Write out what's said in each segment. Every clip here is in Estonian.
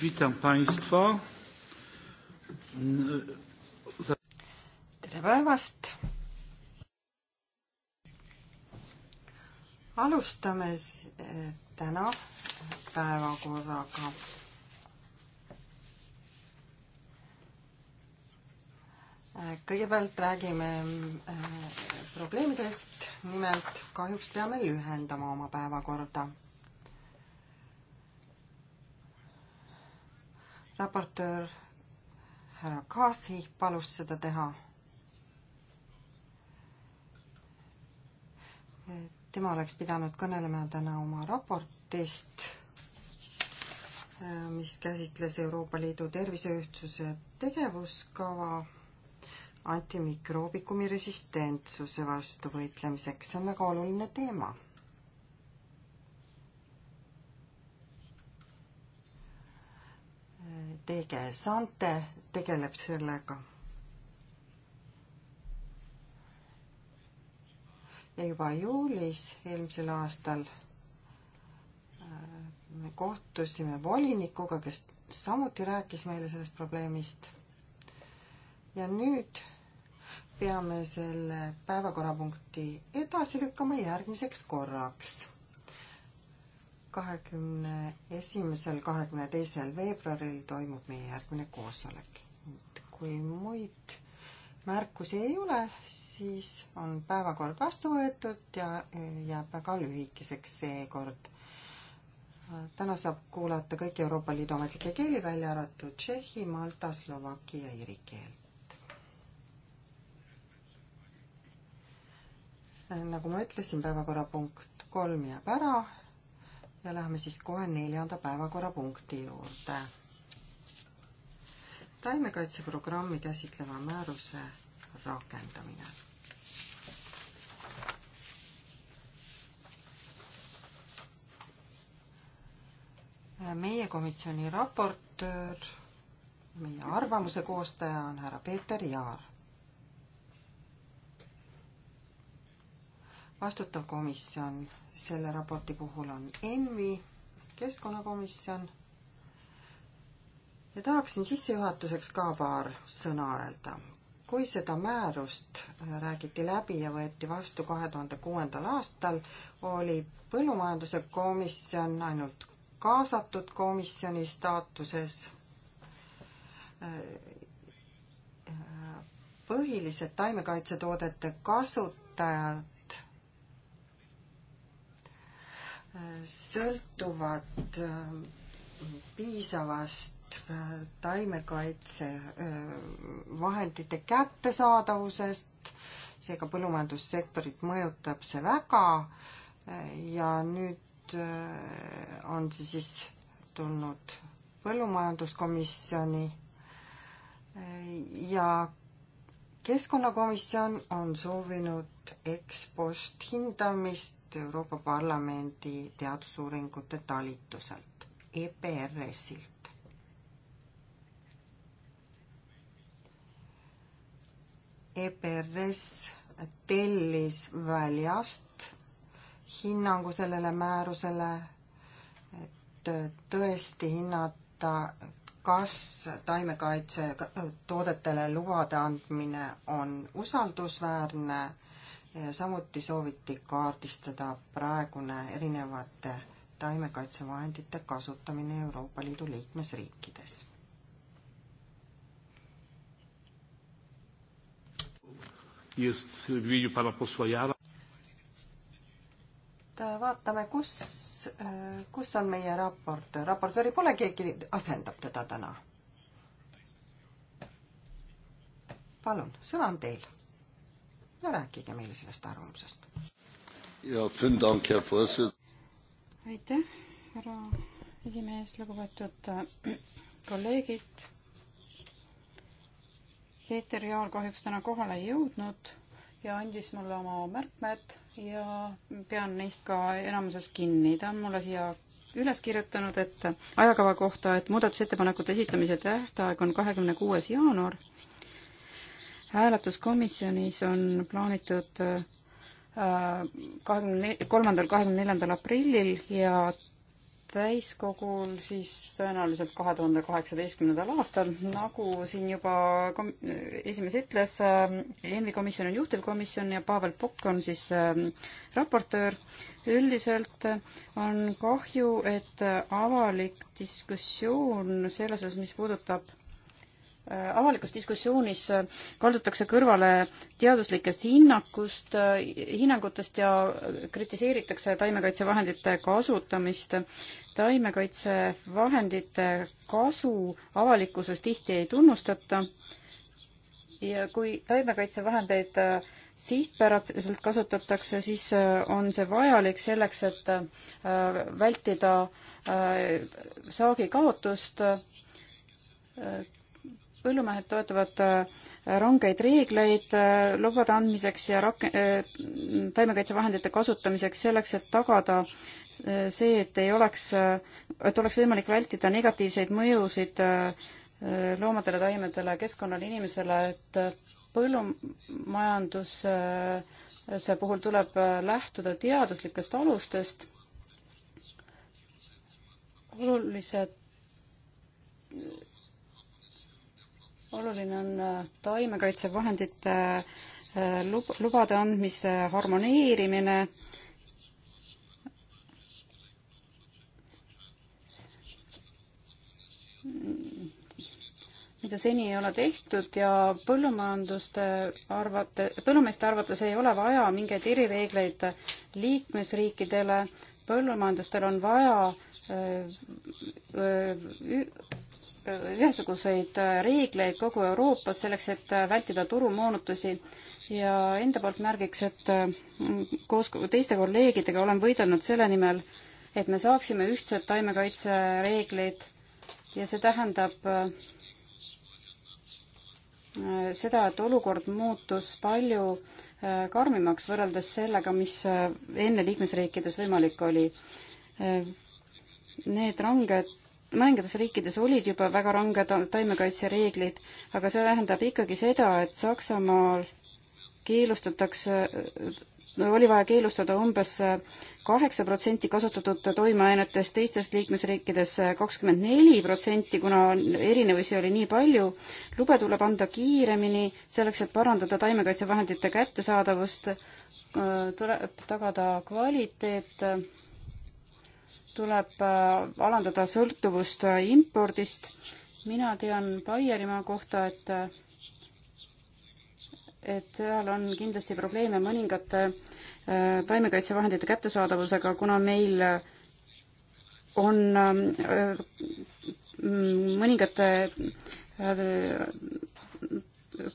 Witam Państwa. tere päevast. alustame täna päevakorraga. kõigepealt räägime äh, probleemidest, nimelt kahjuks peame lühendama oma päevakorda raportöör härra Kaasi palus seda teha. tema oleks pidanud kõnelema täna oma raportist, mis käsitles Euroopa Liidu terviseühtsuse tegevuskava antimikroobikumi resistentsuse vastu võitlemiseks, see on väga oluline teema DG Sante tegeleb sellega. ja juba juulis eelmisel aastal äh, me kohtusime volinikuga, kes samuti rääkis meile sellest probleemist. ja nüüd peame selle päevakorrapunkti edasi lükkama järgmiseks korraks kahekümne esimesel, kahekümne teisel veebruaril toimub meie järgmine koosolek. et kui muid märkusi ei ole, siis on päevakord vastu võetud ja jääb väga lühikeseks seekord. täna saab kuulata kõiki Euroopa Liidu ametlikke keeli, välja arvatud tšehhi, malta, slovaki ja iiri keelt. nagu ma ütlesin, päevakorrapunkt kolm jääb ära ja läheme siis kohe neljanda päevakorrapunkti juurde. taimekaitseprogrammi käsitleva määruse rakendamine. meie komisjoni raportöör, meie arvamuse koostaja on härra Peeter Jaar. vastutav komisjon selle raporti puhul on ENVI, keskkonnakomisjon. ja tahaksin sissejuhatuseks ka paar sõna öelda. kui seda määrust räägiti läbi ja võeti vastu kahe tuhande kuuendal aastal, oli põllumajanduse komisjon ainult kaasatud komisjoni staatuses põhilised taimekaitsetoodete kasutajad sõltuvad äh, piisavast äh, taimekaitsevahendite äh, kättesaadavusest, seega põllumajandussektorit mõjutab see väga ja nüüd on see siis tulnud põllumajanduskomisjoni ja keskkonnakomisjon on soovinud ekspost hindamist Euroopa Parlamendi teadusuuringute talituselt, EPRS-ilt. EPRS tellis väljast hinnangu sellele määrusele, et tõesti hinnata kas taimekaitse toodetele lubade andmine on usaldusväärne. samuti sooviti kaardistada praegune erinevate taimekaitsevahendite kasutamine Euroopa Liidu liikmesriikides. vaatame, kus kus, äh, kus on meie raportöör? raportööri pole, keegi asendab teda täna. palun, sõna on teil. no rääkige meile sellest arvamusest. aitäh, härra esimees, lugupeetud äh, kolleegid. Peeter Jaar kahjuks täna kohale ei jõudnud ja andis mulle oma märkmed ja pean neist ka enamuses kinni. ta on mulle siia üles kirjutanud, et ajakava kohta, et muudatusettepanekute esitamise tähtaeg on kahekümne kuues jaanuar. hääletuskomisjonis on plaanitud äh, kahekümne kolmandal, kahekümne neljandal aprillil ja täiskogul siis tõenäoliselt kahe tuhande kaheksateistkümnendal aastal, nagu siin juba kom-, esimees ütles, äh, ENVI komisjon on juhtivkomisjon ja Pavel Pokk on siis äh, raportöör. üldiselt äh, on kahju, et avalik diskussioon selles osas, mis puudutab avalikus diskussioonis äh, kaldutakse kõrvale teaduslikest hinnakust, äh, hinnangutest ja kritiseeritakse taimekaitsevahendite kasutamist. taimekaitsevahendite kasu avalikkuses tihti ei tunnustata ja kui taimekaitsevahendeid äh, sihtpäraselt kasutatakse, siis on see vajalik selleks, et vältida saagi kaotust põllumehed toetavad äh, rangeid reegleid äh, lubade andmiseks ja rak-, äh, taimekaitsevahendite kasutamiseks selleks, et tagada see, et ei oleks, et oleks võimalik vältida negatiivseid mõjusid loomadele, taimedele, keskkonnale, inimesele, et põllumajanduse puhul tuleb lähtuda teaduslikest alustest, olulised oluline on äh, taimekaitsevahendite äh, lub-, lubade andmise harmoneerimine, mida seni ei ole tehtud ja põllumajanduste arvate, põllumeeste arvates ei ole vaja mingeid erireegleid liikmesriikidele, põllumajandustel on vaja öö, äh, öö, ühesuguseid äh, reegleid kogu Euroopas selleks, et äh, vältida turumoonutusi ja enda poolt märgiks, et äh, koos teiste kolleegidega olen võidelnud selle nimel, et me saaksime ühtsed taimekaitsereeglid ja see tähendab seda, et olukord muutus palju karmimaks võrreldes sellega, mis enne liikmesriikides võimalik oli. Need ranged mõningates riikides olid juba väga ranged taimekaitsereeglid, aga see tähendab ikkagi seda, et Saksamaal keelustatakse, oli vaja keelustada umbes kaheksa protsenti kasutatud toimeainetest, teistes liikmesriikides kakskümmend neli protsenti, kuna erinevusi oli nii palju. lube tuleb anda kiiremini, selleks et parandada taimekaitsevahendite kättesaadavust, tuleb tagada kvaliteet tuleb äh, alandada sõltuvust äh, impordist. mina tean Baierimaa kohta, et et seal on kindlasti probleeme mõningate äh, taimekaitsevahendite kättesaadavusega, kuna meil on mõningate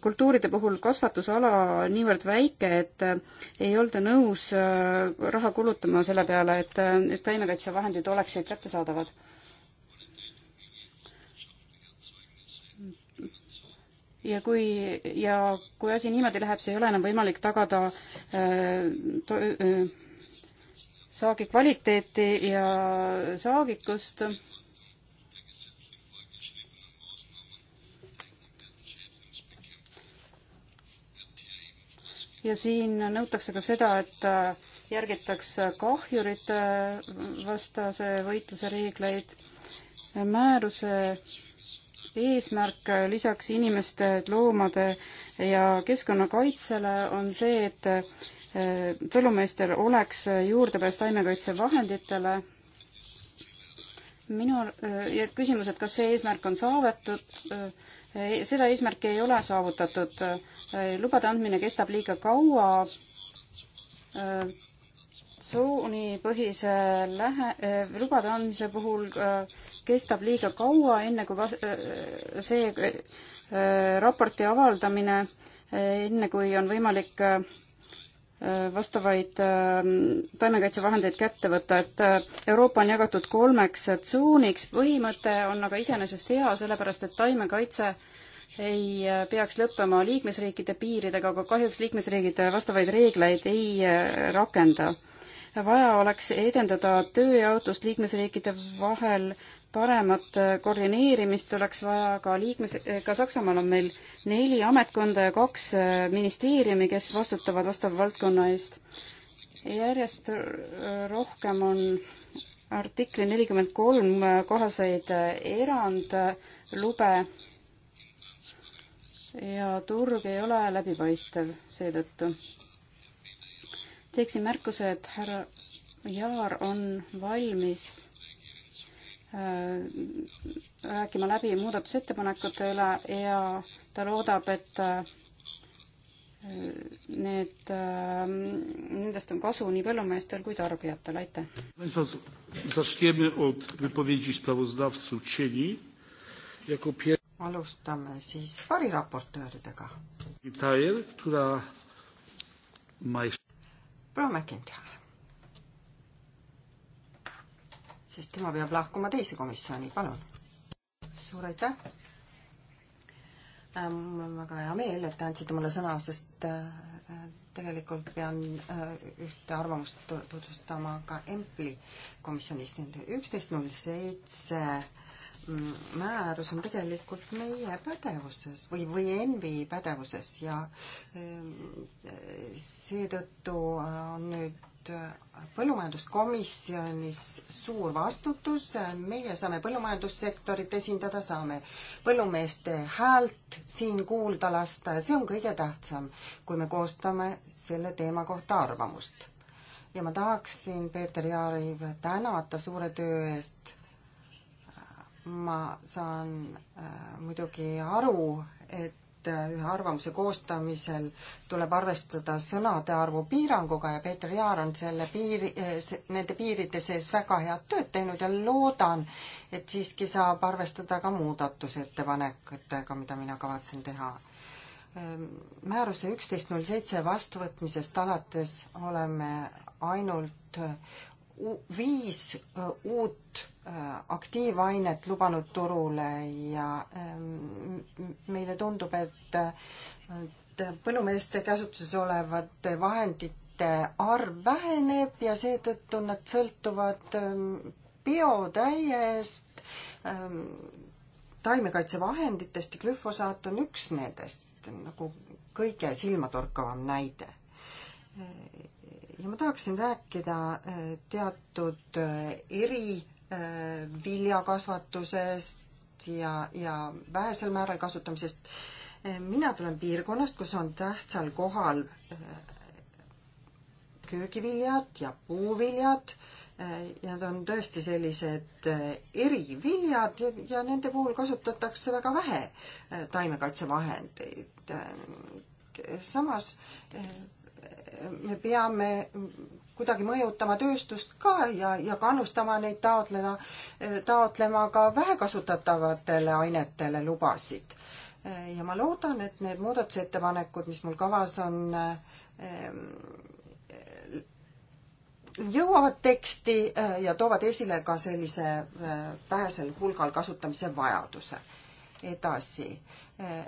kultuuride puhul kasvatusala niivõrd väike, et äh, ei olda nõus äh, raha kulutama selle peale, et, äh, et taimekaitsevahendid oleksid kättesaadavad. ja kui, ja kui asi niimoodi läheb, siis ei ole enam võimalik tagada äh, to, äh, saagi kvaliteeti ja saagikust äh, ja siin nõutakse ka seda, et äh, järgitaks äh, kahjurite äh, vastase võitluse reegleid. määruse eesmärk lisaks inimeste, loomade ja keskkonnakaitsele on see, et põllumeestel oleks juurdepääs taimekaitsevahenditele minu ja küsimus, et kas see eesmärk on saavutatud, seda eesmärki ei ole saavutatud. lubade andmine kestab liiga kaua. tsoonipõhise lähe-, lubade andmise puhul äh, kestab liiga kaua, enne kui äh, see äh, raporti avaldamine, enne kui on võimalik Äh, vastavaid ähm, taimekaitsevahendeid kätte võtta, et äh, Euroopa on jagatud kolmeks äh, tsooniks, põhimõte on aga iseenesest hea, sellepärast et taimekaitse ei peaks lõppema liikmesriikide piiridega, aga kahjuks liikmesriigid vastavaid reegleid ei rakenda. vaja oleks edendada tööjaotust liikmesriikide vahel, paremat koordineerimist oleks vaja ka liikmes-, ka Saksamaal on meil äh, neli ametkonda ja kaks äh, ministeeriumi, kes vastutavad vastava valdkonna eest. järjest rohkem on artikli nelikümmend kolm äh, kohaseid äh, erandlube ja turg ei ole läbipaistev seetõttu. teeksin märkuse, et härra Jaar on valmis Äh, rääkima läbi muudatusettepanekute üle ja ta loodab, et äh, need, äh, nendest on kasu nii põllumeestel kui tarbijatel, aitäh. alustame siis variraportööridega. proua McIntyre. sest tema peab lahkuma teise komisjoni, palun. suur aitäh. Äh, mul on väga hea meel, et te andsite mulle sõna, sest äh, tegelikult pean äh, ühte arvamust tutvustama ka EMPLi komisjonis. üksteist null seitse mm, määrus on tegelikult meie pädevuses või, või ENVi pädevuses ja seetõttu on nüüd Äh, põllumajanduskomisjonis suur vastutus, meie saame põllumajandussektorit esindada, saame põllumeeste häält siin kuulda lasta ja see on kõige tähtsam, kui me koostame selle teema kohta arvamust. ja ma tahaksin Peeter Jaariv tänada suure töö eest. ma saan äh, muidugi aru, et et äh, ühe arvamuse koostamisel tuleb arvestada sõnade arvu piiranguga ja Peeter Jaar on selle piiri, äh, nende piiride sees väga head tööd teinud ja loodan, et siiski saab arvestada ka muudatusettepanekutega, mida mina kavatsen teha. Ähm, määruse üksteist null seitse vastuvõtmisest alates oleme ainult äh, viis uut Äh, aktiivainet lubanud turule ja ähm, meile tundub, et põllumeeste käsutuses olevate vahendite arv väheneb ja seetõttu nad sõltuvad ähm, biotäiest ähm, taimekaitsevahenditest ja glüfosaat on üks nendest nagu kõige silmatorkavam näide äh, ja ma tahaksin rääkida äh, teatud eri Äh, viljakasvatusest ja, ja vähesel määral kasutamisest. Äh, mina tulen piirkonnast, kus on tähtsal kohal äh, köögiviljad ja puuviljad ja nad on tõesti sellised eriviljad ja, ja nende puhul kasutatakse väga vähe taimekaitsevahendeid. samas me peame kuidagi mõjutama tööstust ka ja, ja kannustama neid taotleda, taotlema ka vähekasutatavatele ainetele lubasid. ja ma loodan, et need muudatusettepanekud, mis mul kavas on, ehm, jõuavad teksti eh, ja toovad esile ka sellise eh, vähesel hulgal kasutamise vajaduse. edasi, eh,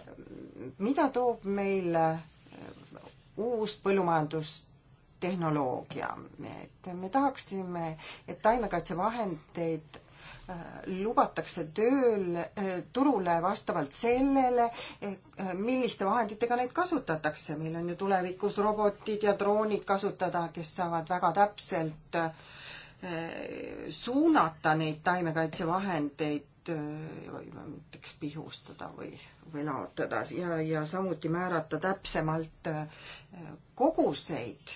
mida toob meile uus põllumajandust tehnoloogia, et me tahaksime, et taimekaitsevahendeid äh, lubatakse tööl, äh, turule vastavalt sellele, äh, milliste vahenditega neid kasutatakse. meil on ju tulevikus robotid ja droonid kasutada, kes saavad väga täpselt suunata neid taimekaitsevahendeid näiteks pihustada või, või laotada ja, ja samuti määrata täpsemalt koguseid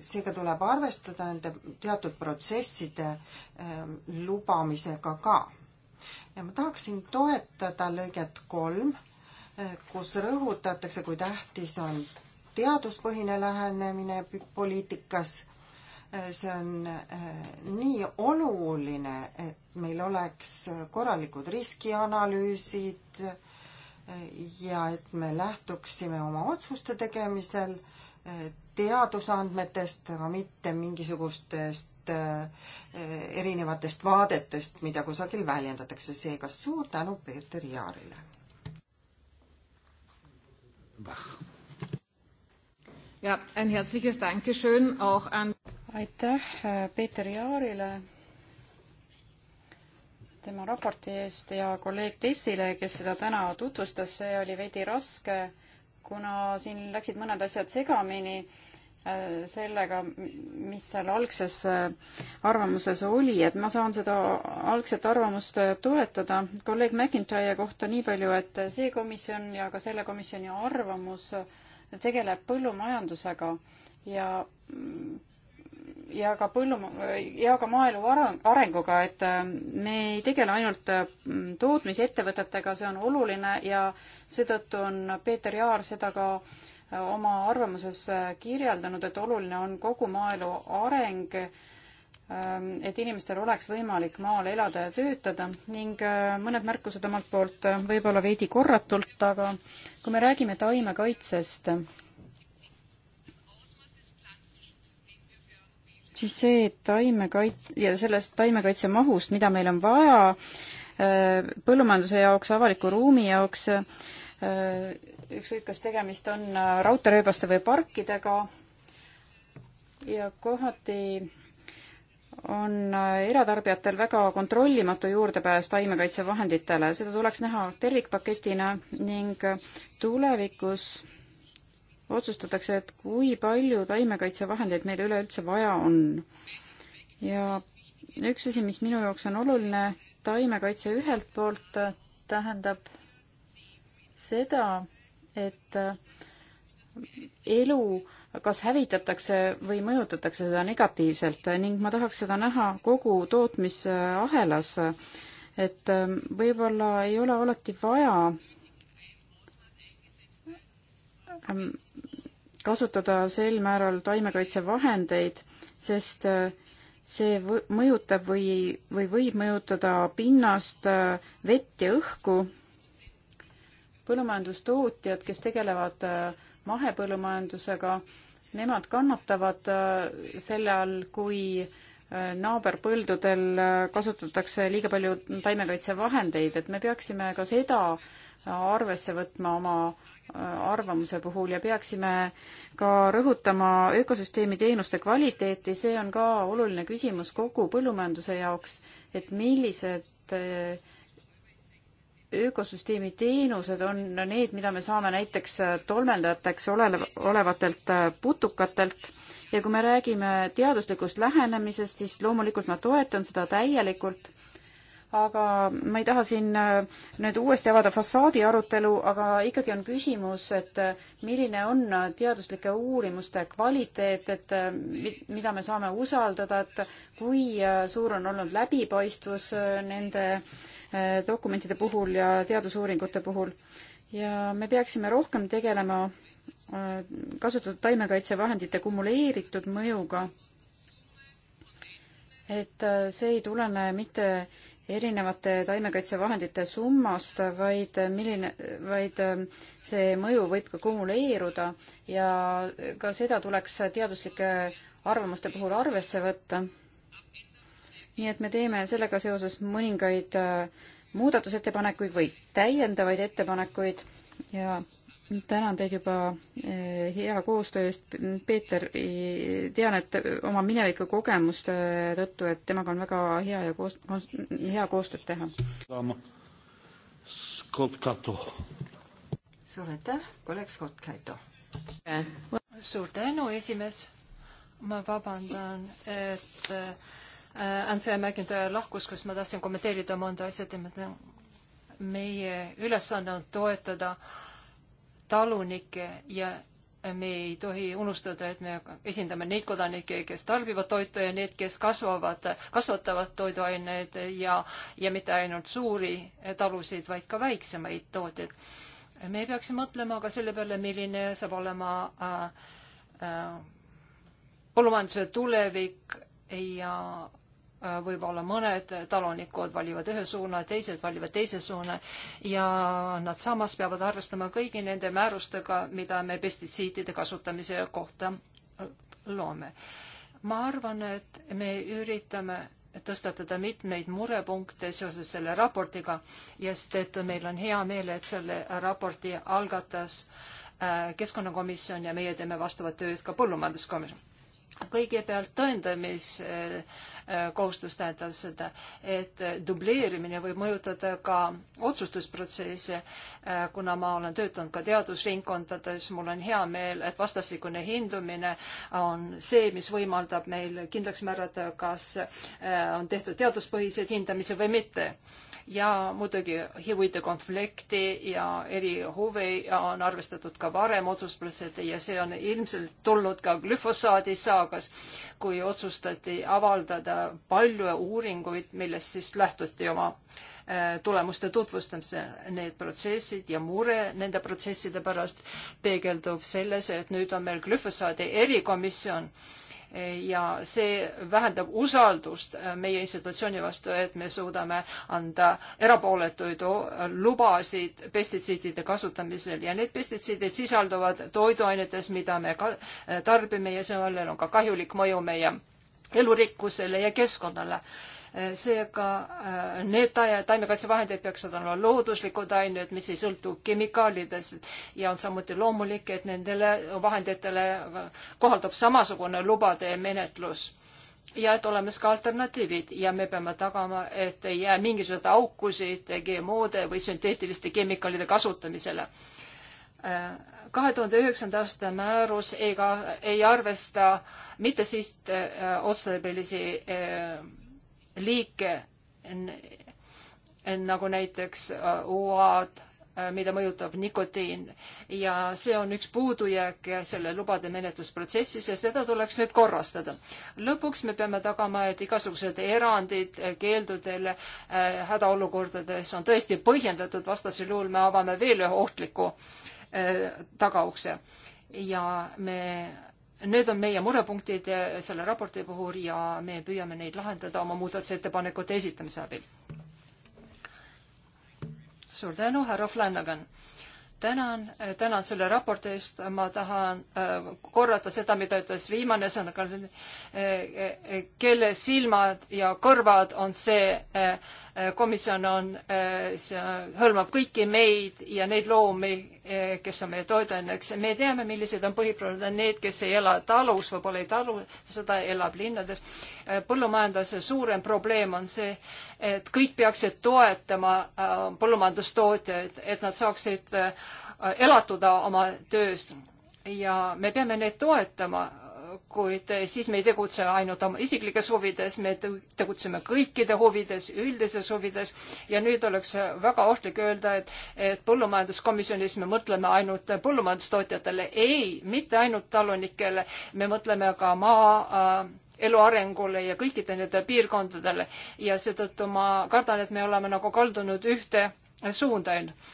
seega tuleb arvestada nende teatud protsesside ähm, lubamisega ka. ja ma tahaksin toetada lõiget kolm, äh, kus rõhutatakse, kui tähtis on teaduspõhine lähenemine poliitikas. Äh, see on äh, nii oluline, et meil oleks korralikud riskianalüüsid ja et me lähtuksime oma otsuste tegemisel teadusandmetest, aga mitte mingisugustest äh, erinevatest vaadetest, mida kusagil väljendatakse. seega suur tänu Peeter Jaarile. ja, ein herzliches Dankeschön auch an aitäh äh, Peeter Jaarile tema raporti eest ja kolleeg Tessile, kes seda täna tutvustas, see oli veidi raske kuna siin läksid mõned asjad segamini äh, sellega, mis seal algses äh, arvamuses oli, et ma saan seda algset arvamust äh, toetada. kolleeg McIntyre kohta nii palju, et see komisjon ja ka selle komisjoni arvamus tegeleb põllumajandusega ja mm, ja ka põllum- ja ka maaelu arenguga, et äh, me ei tegele ainult äh, tootmisettevõtetega, see on oluline ja seetõttu on Peeter Jaar seda ka äh, oma arvamuses kirjeldanud, et oluline on kogu maaelu areng, ähm, et inimestel oleks võimalik maal elada ja töötada ning mõned märkused omalt poolt võib-olla veidi korratult, aga kui me räägime taimekaitsest, siis see taimekaits- ja sellest taimekaitse mahust, mida meil on vaja äh, põllumajanduse jaoks, avaliku ruumi jaoks, äh, ükskõik, kas tegemist on äh, raudteerööbaste või parkidega ja kohati on eratarbijatel väga kontrollimatu juurdepääs taimekaitsevahenditele, seda tuleks näha tervikpaketina ning tulevikus otsustatakse, et kui palju taimekaitsevahendeid meil üleüldse vaja on. ja üks asi, mis minu jaoks on oluline, taimekaitse ühelt poolt tähendab seda, et elu kas hävitatakse või mõjutatakse seda negatiivselt ning ma tahaks seda näha kogu tootmisahelas, et võib-olla ei ole alati vaja kasutada sel määral taimekaitsevahendeid, sest äh, see mõjutab või, või võib mõjutada pinnast, äh, vett ja õhku. põllumajandustootjad, kes tegelevad äh, mahepõllumajandusega, nemad kannatavad selle all, kui naaberpõldudel kasutatakse liiga palju taimekaitsevahendeid, et me peaksime ka seda arvesse võtma oma arvamuse puhul ja peaksime ka rõhutama ökosüsteemi teenuste kvaliteeti, see on ka oluline küsimus kogu põllumajanduse jaoks, et millised eh, ökosüsteemi teenused on need, mida me saame näiteks eh, tolmeldajateks ole-, olevatelt eh, putukatelt ja kui me räägime teaduslikust lähenemisest, siis loomulikult ma toetan seda täielikult aga ma ei taha siin äh, nüüd uuesti avada fosfaadi arutelu, aga ikkagi on küsimus, et äh, milline on äh, teaduslike uurimuste kvaliteet, et mida me saame usaldada, et kui suur on olnud läbipaistvus nende dokumentide puhul ja teadusuuringute puhul. ja me peaksime rohkem tegelema kasutatud taimekaitsevahendite kumuleeritud mõjuga, et see ei tulene mitte erinevate taimekaitsevahendite summast, vaid milline, vaid ähm, see mõju võib ka kumuleeruda ja ka seda tuleks teaduslike arvamuste puhul arvesse võtta. nii et me teeme sellega seoses mõningaid äh, muudatusettepanekuid või täiendavaid ettepanekuid ja tänan teid juba eh, hea koostöö eest, Peeter, eh, tean, et oma mineviku kogemuste tõttu, et temaga on väga hea ja koos, hea koostööd teha. suur aitäh, kolleeg Scott Cato. suur tänu, esimees. ma vabandan, et eh, Andrea McIntyre lahkus, kus ma tahtsin kommenteerida mõnda asja, tema meie ülesanne on toetada äh, talunikke ja me ei tohi unustada, et me esindame neid kodanikke, kes tarbivad toitu ja need, kes kasvavad, kasvatavad toiduaineid ja, ja mitte ainult suuri talusid, vaid ka väiksemaid tootjaid. me peaksime mõtlema ka selle peale, milline saab olema äh, äh, põllumajanduse tulevik ja Äh, võib-olla mõned talunikud valivad ühe suuna, teised valivad teise suuna ja nad samas peavad arvestama kõigi nende määrustega, mida me pestitsiidide kasutamise kohta loome. ma arvan, et me üritame tõstatada mitmeid murepunkte seoses selle raportiga ja seetõttu meil on hea meel, et selle raporti algatas äh, keskkonnakomisjon ja meie teeme vastavat tööd ka põllumajanduskomisjon kõigepealt tõendamiskohustus tähendab seda, et dubleerimine võib mõjutada ka otsustusprotsessi. kuna ma olen töötanud ka teadusringkondades, mul on hea meel, et vastastikune hindumine on see, mis võimaldab meil kindlaks määrata, kas äh, on tehtud teaduspõhiseid hindamisi või mitte ja muidugi huvide konflikti ja eri huve on arvestatud ka varem otsustusprotsessi ja see on ilmselt tulnud ka glüfosaadi saagas, kui otsustati avaldada palju uuringuid, millest siis lähtuti oma äh, tulemuste tutvustamisel. Need protsessid ja mure nende protsesside pärast peegeldub selles, et nüüd on meil glüfosaadi erikomisjon ja see vähendab usaldust äh, meie institutsiooni vastu, et me suudame anda erapooletuid äh, lubasid pestitsiidide kasutamisel ja need pestitsiidid sisalduvad toiduainetes, mida me ka äh, tarbime ja sellel on ka kahjulik mõju meie elurikkusele ja keskkonnale seega äh, need taimekaitsevahendid peaksid olema looduslikud ained, mis ei sõltu kemikaalidest ja on samuti loomulik, et nendele vahenditele kohaldub samasugune lubade menetlus ja et olemas ka alternatiivid ja me peame tagama, et ei jää mingisuguseid aukusid GMO-de või sünteetiliste kemikaalide kasutamisele äh, kahe tuhande üheksanda aasta määrus ega ei arvesta mitte sihtotstarbelisi äh, liike, nagu näiteks äh, UA-d, äh, mida mõjutab nikotiin ja see on üks puudujääk selle lubade menetlusprotsessis ja seda tuleks nüüd korrastada. lõpuks me peame tagama, et igasugused erandid keeldudele äh, hädaolukordades on tõesti põhjendatud, vastasel juhul me avame veel ühe ohtliku äh, tagaukse ja me Need on meie murepunktid eh, selle raporti puhul ja me püüame neid lahendada oma muudatusettepanekute esitamise abil. suur tänu, härra Flanagan tänan, eh, tänan selle raporti eest, ma tahan äh, korrata seda, mida ütles viimane sõnaga äh,, kelle silmad ja kõrvad on see äh, komisjon on, see hõlmab kõiki meid ja neid loomi, Eh, kes on meie toiduaineks. me teame, millised on põhiprobleemid, on need, kes ei ela talus, võib-olla ei talu, seda elab linnades. Eh, põllumajanduse suurem probleem on see, et kõik peaksid toetama eh, põllumajandustootjaid, et nad saaksid elatuda oma tööst ja me peame neid toetama kuid eh, siis me ei tegutse ainult oma isiklikes huvides, me tegutseme kõikide huvides, üldises huvides ja nüüd oleks väga ohtlik öelda, et, et põllumajanduskomisjonis me mõtleme ainult põllumajandustootjatele. ei, mitte ainult talunikele, me mõtleme ka maa äh, elu arengule ja kõikide nende piirkondadele ja seetõttu ma kardan, et me oleme nagu kaldunud ühte suunda ainult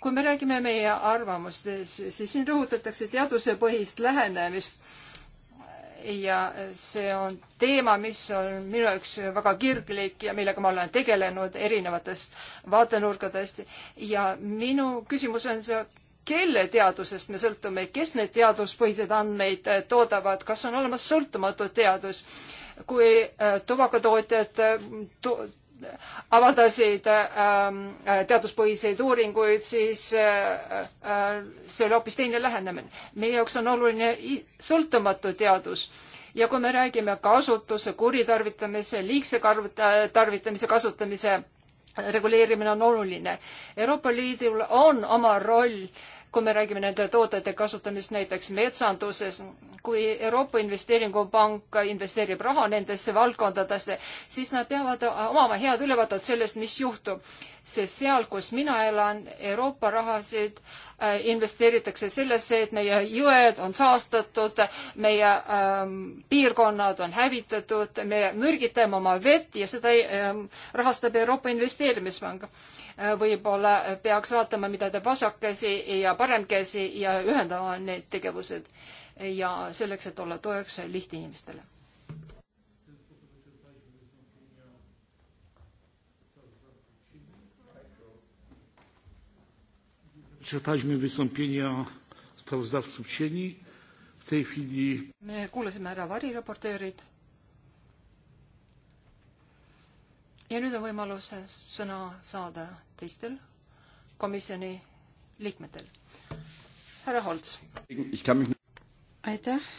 kui me räägime meie arvamustest, siis siin rõhutatakse teadusepõhist lähenemist ja see on teema, mis on minu jaoks väga kirglik ja millega ma olen tegelenud erinevatest vaatenurkadest ja minu küsimus on see, kelle teadusest me sõltume, kes neid teaduspõhiseid andmeid toodavad, kas on olemas sõltumatu teadus, kui äh, tubakatootjad to avaldasid ähm, teaduspõhiseid uuringuid, siis äh, äh, see oli hoopis teine lähenemine. meie jaoks on oluline sõltumatu teadus ja kui me räägime kasutuse, kuritarvitamise, liigse äh, tarvitamise, kasutamise reguleerimine on oluline. Euroopa Liidul on oma roll äh, kui me räägime nende toodete kasutamist näiteks metsanduses, kui Euroopa Investeeringupank investeerib raha nendesse valdkondadesse, siis nad peavad omama head ülevaadet sellest, mis juhtub sest seal, kus mina elan, Euroopa rahasid äh, investeeritakse sellesse, et meie jõed on saastatud, meie ähm, piirkonnad on hävitatud, me mürgitame oma vett ja seda ähm, rahastab Euroopa Investeerimispank äh, võib-olla peaks vaatama, mida teeb vasakkäsi ja paremkäsi ja ühendama need tegevused ja selleks, et olla toeks lihtinimestele Wyczerpaliśmy wystąpienia sprawozdawców cieni. W tej chwili... Me kuulasime ära variraportöörid. ja nüüd on võimalus sõna saada teistel komisjoni liikmetel. härra Holts. aitäh,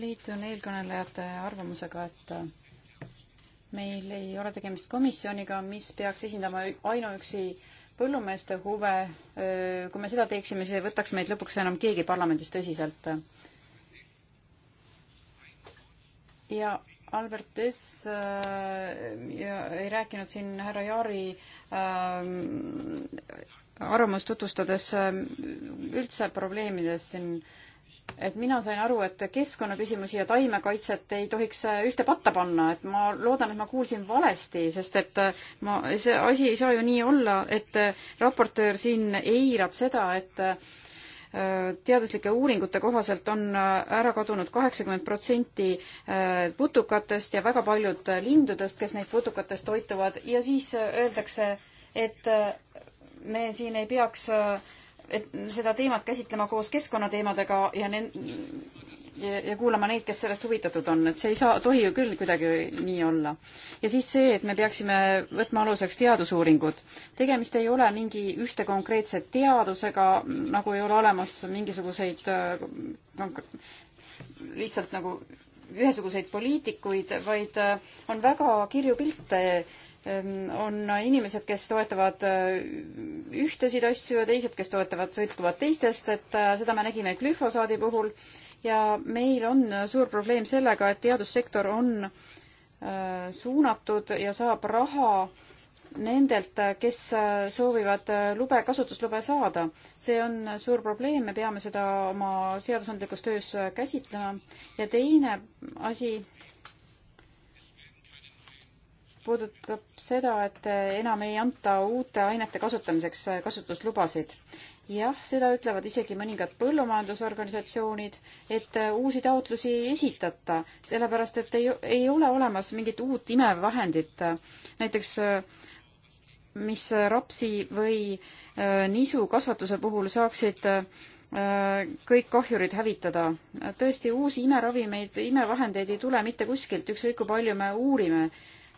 liitun eelkõnelejate arvamusega, et meil ei ole tegemist komisjoniga, mis peaks esindama ainuüksi põllumeeste huve, kui me seda teeksime, siis ei võtaks meid lõpuks enam keegi parlamendis tõsiselt. ja Albert S ja ei rääkinud siin härra Jaari arvamust tutvustades üldse probleemidest siin äh, et mina sain aru, et keskkonnaküsimusi ja taimekaitset ei tohiks äh, ühte patta panna, et ma loodan, et ma kuulsin valesti, sest et äh, ma, see asi ei saa ju nii olla, et äh, raportöör siin eirab seda, et teaduslike uuringute kohaselt on ära kadunud kaheksakümmend protsenti putukatest ja väga paljud lindudest, kes neid putukatest toituvad ja siis öeldakse, et me siin ei peaks äh, et seda teemat käsitlema koos keskkonnateemadega ja ne-, ja, ja kuulama neid, kes sellest huvitatud on, et see ei saa, tohi ju küll kuidagi nii olla. ja siis see, et me peaksime võtma aluseks teadusuuringud. tegemist ei ole mingi ühte konkreetse teadusega, nagu ei ole olemas mingisuguseid noh, lihtsalt nagu ühesuguseid poliitikuid, vaid äh, on väga kirju pilte Ehm, on inimesed, kes toetavad äh, ühtesid asju ja teised, kes toetavad, sõltuvad teistest, et äh, seda me nägime glüfosaadi puhul ja meil on äh, suur probleem sellega, et teadussektor on suunatud ja saab raha nendelt, kes soovivad lube, kasutuslube saada. see on suur probleem, me peame seda oma seadusandlikus töös käsitlema. ja teine asi, puudutab seda, et enam ei anta uute ainete kasutamiseks kasutuslubasid. jah, seda ütlevad isegi mõningad põllumajandusorganisatsioonid, et uusi taotlusi ei esitata, sellepärast et ei, ei ole olemas mingit uut imevahendit, näiteks mis rapsi või äh, nisu kasvatuse puhul saaksid äh, kõik kahjurid hävitada. tõesti, uusi imeravimeid, imevahendeid ei tule mitte kuskilt, ükskõik kui palju me uurime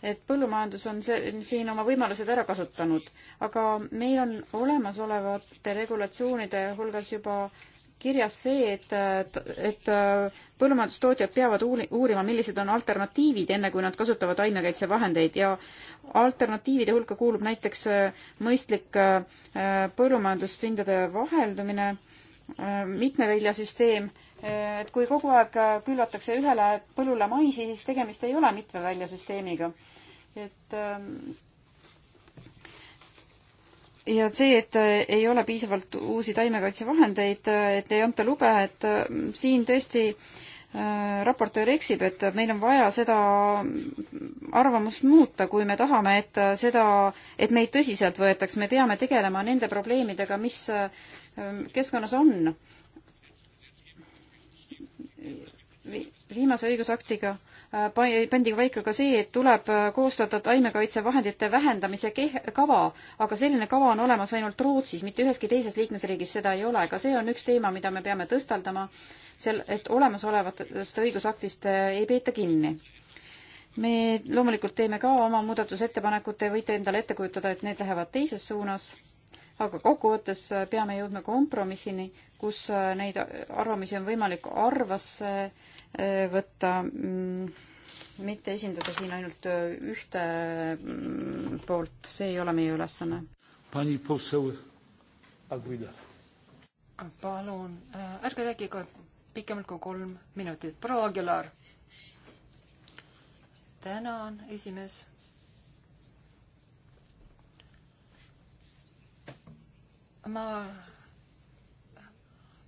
et põllumajandus on see, siin oma võimalused ära kasutanud, aga meil on olemasolevate regulatsioonide hulgas juba kirjas see, et, et põllumajandustootjad peavad uuri-, uurima, millised on alternatiivid, enne kui nad kasutavad taimekaitsevahendeid ja alternatiivide hulka kuulub näiteks äh, mõistlik äh, põllumajanduspindade vaheldumine, äh, mitmeväljasüsteem et kui kogu aeg külvatakse ühele põllule maisi, siis tegemist ei ole mitmeväljasüsteemiga. et ähm, ja see, et ei ole piisavalt uusi taimekaitsevahendeid, et ei anta lube, et ähm, siin tõesti äh, raportöör eksib, et meil on vaja seda arvamust muuta, kui me tahame, et seda, et meid tõsiselt võetaks, me peame tegelema nende probleemidega, mis äh, keskkonnas on viimase õigusaktiga äh, pandi paika ka see, et tuleb äh, koostada taimekaitsevahendite vähendamise keh-, kava, aga selline kava on olemas ainult Rootsis, mitte üheski teises liikmesriigis seda ei ole, ka see on üks teema, mida me peame tõstaldama, sel-, et olemasolevatest õigusaktist äh, ei peeta kinni. me loomulikult teeme ka oma muudatusettepanekud, te võite endale ette kujutada, et need lähevad teises suunas aga kokkuvõttes äh, peame jõudma kompromissini, kus äh, neid arvamusi on võimalik arvesse äh, võtta, mm, mitte esindada siin ainult ühte mm, poolt, see ei ole meie ülesanne. palun ärge rääkige pikemalt kui kolm minutit. proua Aguilar. tänan, esimees ma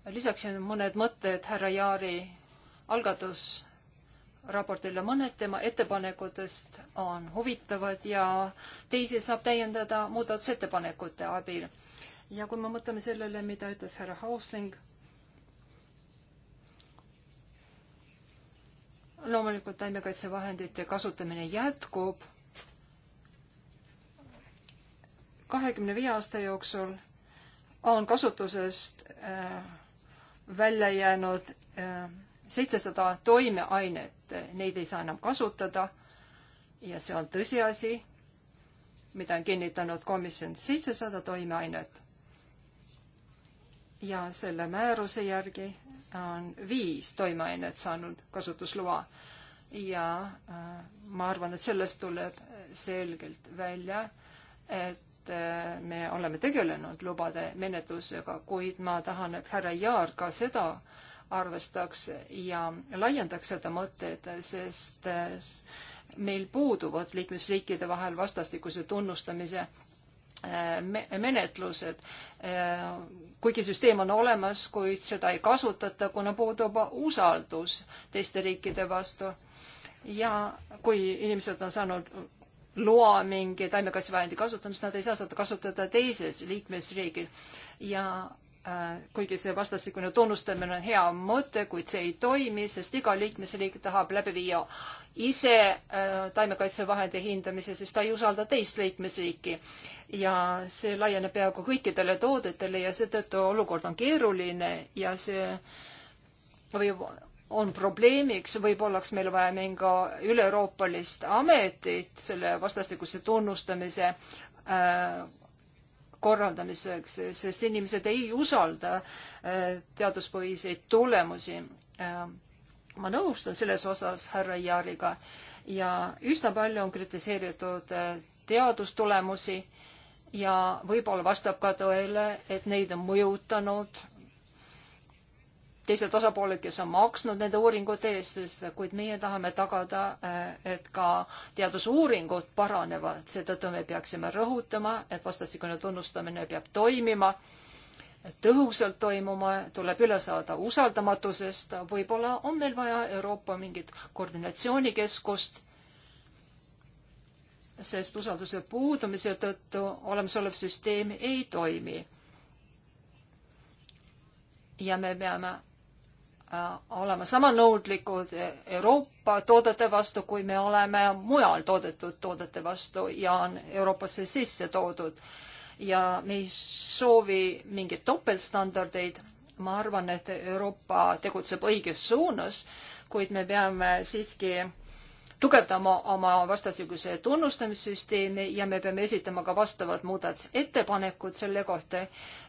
lisaksin mõned mõtted härra Jaari algatusraportile. mõned tema ettepanekutest on huvitavad ja teisi saab täiendada muudatusettepanekute abil. ja kui me mõtleme sellele, mida ütles härra Hausling, loomulikult taimekaitsevahendite kasutamine jätkub kahekümne viie aasta jooksul on kasutusest äh, välja jäänud äh, seitsesada toimeainet, neid ei saa enam kasutada ja see on tõsiasi, mida on kinnitanud komisjon, seitsesada toimeainet. ja selle määruse järgi on viis toimeainet saanud kasutusloa ja äh, ma arvan, et sellest tuleb selgelt välja, et et äh, me oleme tegelenud lubade menetlusega, kuid ma tahan, et härra Jaar ka seda arvestaks ja laiendaks seda mõtet, sest äh, meil puuduvad liikmesriikide vahel vastastikuse tunnustamise äh, me menetlused, kuigi süsteem on olemas, kuid seda ei kasutata, kuna puudub usaldus teiste riikide vastu ja kui inimesed on saanud loa mingi taimekaitsevahendi kasutamist, nad ei saa seda kasutada teises liikmesriigil. ja äh, kuigi see vastastikune tunnustamine on hea mõte, kuid see ei toimi, sest iga liikmesriik tahab läbi viia ise äh, taimekaitsevahendi hindamise, sest ta ei usalda teist liikmesriiki. ja see laieneb peaaegu kõikidele toodetele ja seetõttu olukord on keeruline ja see võib on probleemiks, võib-olla oleks meil vaja mingi üle-euroopalist ametit selle vastastikuse tunnustamise äh, korraldamiseks, sest inimesed ei usalda äh, teaduspõhiseid tulemusi äh,. ma nõustun selles osas härra Jaariga ja üsna palju on kritiseeritud äh, teadustulemusi ja võib-olla vastab ka tõele, et neid on mõjutanud teised osapooled, kes on maksnud nende uuringute eest, sest kuid meie tahame tagada, et ka teadusuuringud paranevad, seetõttu me peaksime rõhutama, et vastastikune tunnustamine peab toimima, tõhusalt toimuma, tuleb üle saada usaldamatusest, võib-olla on meil vaja Euroopa mingit koordinatsioonikeskust, sest usalduse puudumise tõttu olemasolev süsteem ei toimi ja me peame Äh, olema sama nõudlikud Euroopa toodete vastu, kui me oleme mujal toodetud toodete vastu ja on Euroopasse sisse toodud. ja me ei soovi mingeid topeltstandardeid. ma arvan, et Euroopa tegutseb õiges suunas, kuid me peame siiski tugevdama oma vastasjuguse tunnustamissüsteemi ja me peame esitama ka vastavad muudatusettepanekud selle kohta,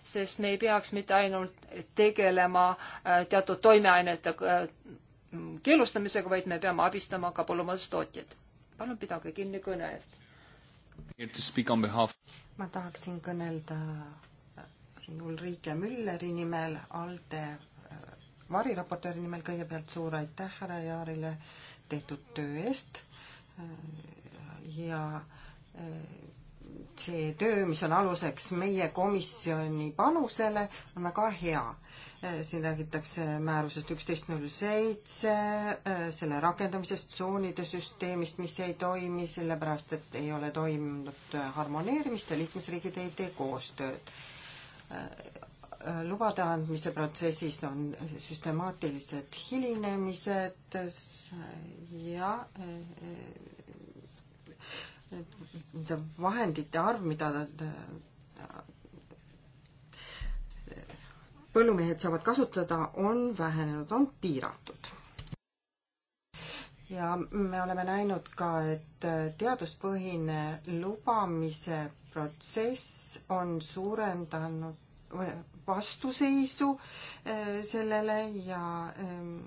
sest me ei peaks mitte ainult tegelema äh, teatud toimeainete äh, keelustamisega, vaid me peame abistama ka põllumajandustootjaid. palun pidage kinni kõne eest. ma tahaksin kõnelda äh, siin Ulrike Mülleri nimel, ALDE variraportööri nimel kõigepealt suur aitäh härra Jaarile tehtud töö eest ja äh, see töö, mis on aluseks meie komisjoni panusele, on väga hea. Äh, siin räägitakse määrusest üksteist null seitse, äh, selle rakendamisest, tsoonide süsteemist, mis ei toimi, sellepärast et ei ole toimunud harmoneerimist ja liikmesriigid ei tee koostööd lubade andmise protsessis on süstemaatilised hilinemised ja nende eh, eh, vahendite arv, mida eh, põllumehed saavad kasutada, on vähenenud, on piiratud. ja me oleme näinud ka, et teaduspõhine lubamise protsess on suurendanud vastuseisu äh, sellele ja ähm,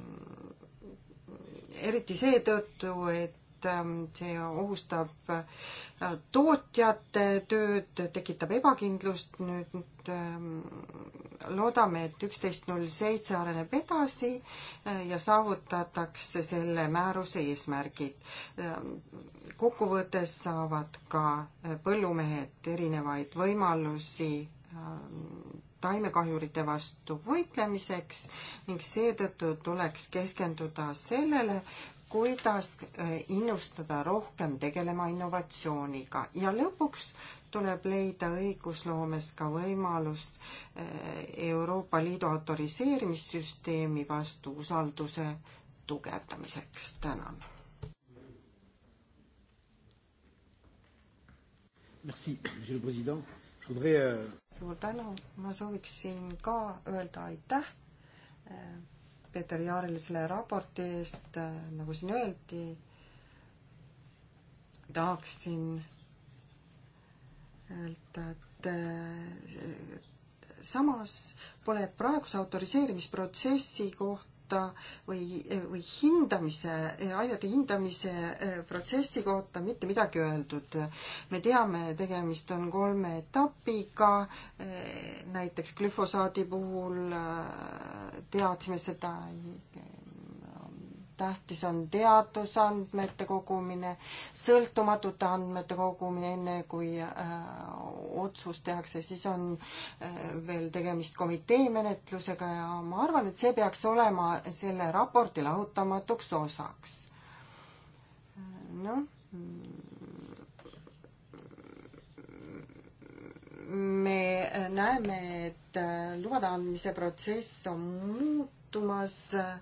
eriti seetõttu, et ähm, see ohustab äh, tootjate tööd, tekitab ebakindlust, nüüd ähm, loodame, et üksteist null seitse areneb edasi äh, ja saavutatakse selle määruse eesmärgid. kokkuvõttes saavad ka põllumehed erinevaid võimalusi taimekahjurite vastu võitlemiseks ning seetõttu tuleks keskenduda sellele, kuidas äh, innustada rohkem tegelema innovatsiooniga ja lõpuks tuleb leida õigusloomes ka võimalust äh, Euroopa Liidu autoriseerimissüsteemi vastu usalduse tugevdamiseks. tänan. Merci, monsieur le président Euh, suur tänu, ma sooviksin ka öelda aitäh äh, Peeter Jaarile selle raporti eest, äh, nagu siin öeldi, tahaksin öelda, et äh, samas pole praeguse autoriseerimisprotsessi koht kohta või, või hindamise, aiade hindamise eh, protsessi kohta mitte midagi öeldud. me teame, tegemist on kolme etapiga, eh, näiteks glüfosaadi puhul eh, teadsime seda tähtis on teadusandmete kogumine, sõltumatute andmete kogumine, enne kui otsus tehakse, siis on äh, veel tegemist komitee menetlusega ja ma arvan, et see peaks olema selle raporti lahutamatuks osaks. noh, me näeme, et äh, lubade andmise protsess on muutumas äh,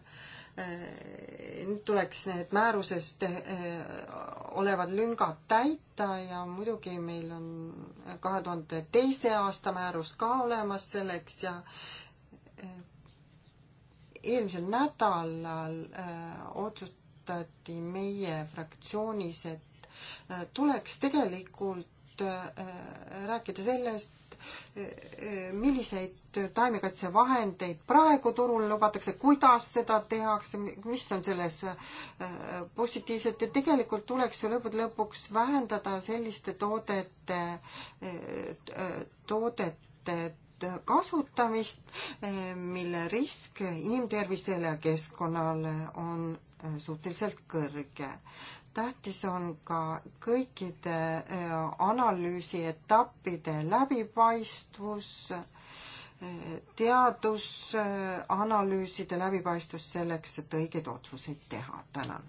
Äh, nüüd tuleks need määruses äh, olevad lüngad täita ja muidugi meil on kahe tuhande teise aasta määrus ka olemas selleks ja äh, eelmisel nädalal otsustati meie fraktsioonis, et tuleks tegelikult nüüd äh, rääkida sellest, äh, äh, milliseid taimekaitsevahendeid praegu turul lubatakse, kuidas seda tehakse, mis on selles positiivset ja tegelikult tuleks ju lõppude lõpuks vähendada selliste toodete, toodete kasutamist, mille risk inimtervisele ja keskkonnale on suhteliselt kõrge tähtis on ka kõikide äh, analüüsi etappide läbipaistvus, äh, teadusanalüüside läbipaistvus selleks, et õigeid otsuseid teha. tänan.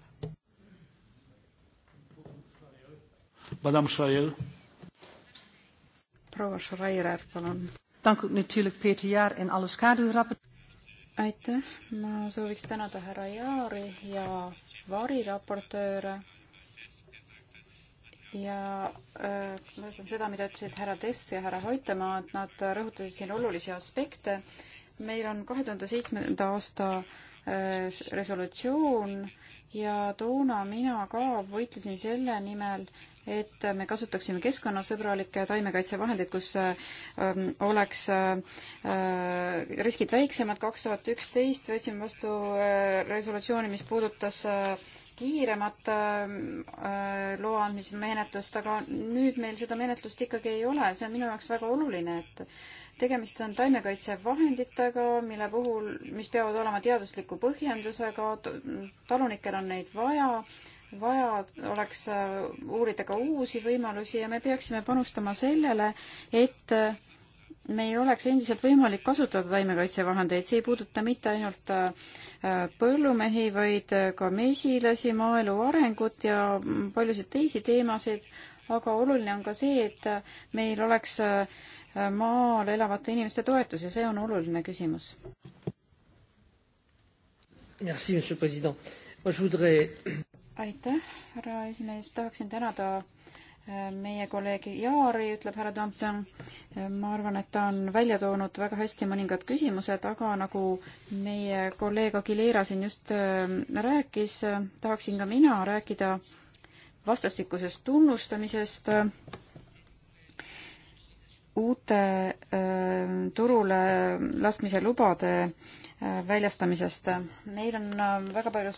Madame Schreier. proua Schreier, palun. Dank u natuurlijk Peter Jaar en alle schaduwrapport aitäh, ma sooviks tänada härra Jaari ja variraportööre ja äh, mäletan seda, mida ütlesid härra Tess ja härra Hoitemaa, et nad rõhutasid siin olulisi aspekte. meil on kahe tuhande seitsmenda aasta äh, resolutsioon ja toona mina ka võitlesin selle nimel, et me kasutaksime keskkonnasõbralikke taimekaitsevahendeid, kus ähm, oleks äh, riskid väiksemad. kaks tuhat üksteist võtsime vastu resolutsiooni, mis puudutas äh, kiiremat äh, äh, loa andmise menetlust, aga nüüd meil seda menetlust ikkagi ei ole, see on minu jaoks väga oluline, et tegemist on taimekaitsevahenditega, mille puhul, mis peavad olema teadusliku põhjendusega, talunikel on neid vaja, vaja oleks äh, uurida ka uusi võimalusi ja me peaksime panustama sellele, et äh, meil oleks endiselt võimalik kasutada taimekaitsevahendeid, see ei puuduta mitte ainult äh, põllumehi, vaid äh, ka mesilasi, maaelu arengut ja paljusid teisi teemasid, aga oluline on ka see, et äh, meil oleks maal elavate inimeste toetus ja see on oluline küsimus. aitäh, härra esimees, tahaksin tänada ta meie kolleegi Jaari, ütleb härra Tampton. ma arvan, et ta on välja toonud väga hästi mõningad küsimused, aga nagu meie kolleeg Aguilera siin just äh, rääkis, tahaksin ka mina rääkida vastastikusest tunnustamisest, uute äh, turule laskmise lubade äh, Äh, väljastamisest. meil on äh, väga palju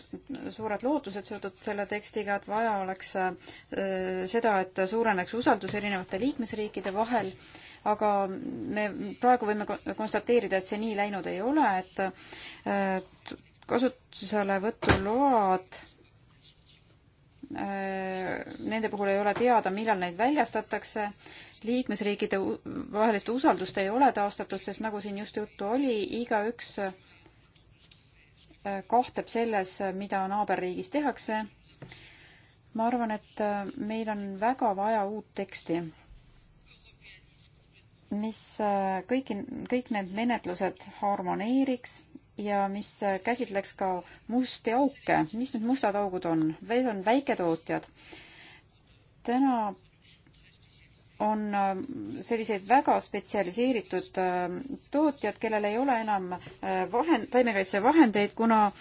suured lootused seotud selle tekstiga, et vaja oleks äh, seda, et suureneks usaldus erinevate liikmesriikide vahel, aga me praegu võime konstateerida, et see nii läinud ei ole, et kasutuselevõtu load nende puhul ei ole teada, millal neid väljastatakse, liikmesriikide vahelist usaldust ei ole taastatud, sest nagu siin just juttu oli, igaüks kahtleb selles, mida naaberriigis tehakse. ma arvan, et äh, meil on väga vaja uut teksti, mis äh, kõiki, kõik need menetlused harmoneeriks ja mis äh, käsitleks ka musti auke. mis need mustad augud on? veel on väiketootjad. täna on äh, selliseid väga spetsialiseeritud äh, tootjad, kellel ei ole enam äh, vahend, taimekaitsevahendeid, kuna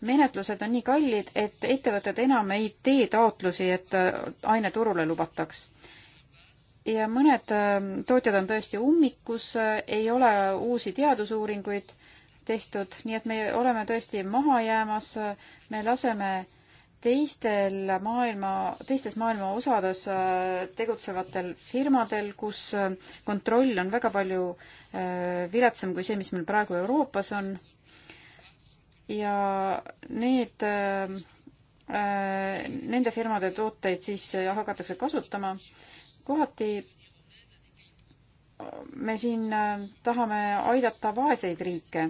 menetlused on nii kallid, et ettevõtted enam ei tee taotlusi, et aine turule lubataks. ja mõned tootjad on tõesti ummikus, ei ole uusi teadusuuringuid tehtud, nii et me oleme tõesti maha jäämas, me laseme teistel maailma, teistes maailma osades äh, tegutsevatel firmadel, kus äh, kontroll on väga palju äh, viletsam kui see, mis meil praegu Euroopas on. ja need, nende firmade tooteid siis hakatakse kasutama. kohati me siin tahame aidata vaeseid riike.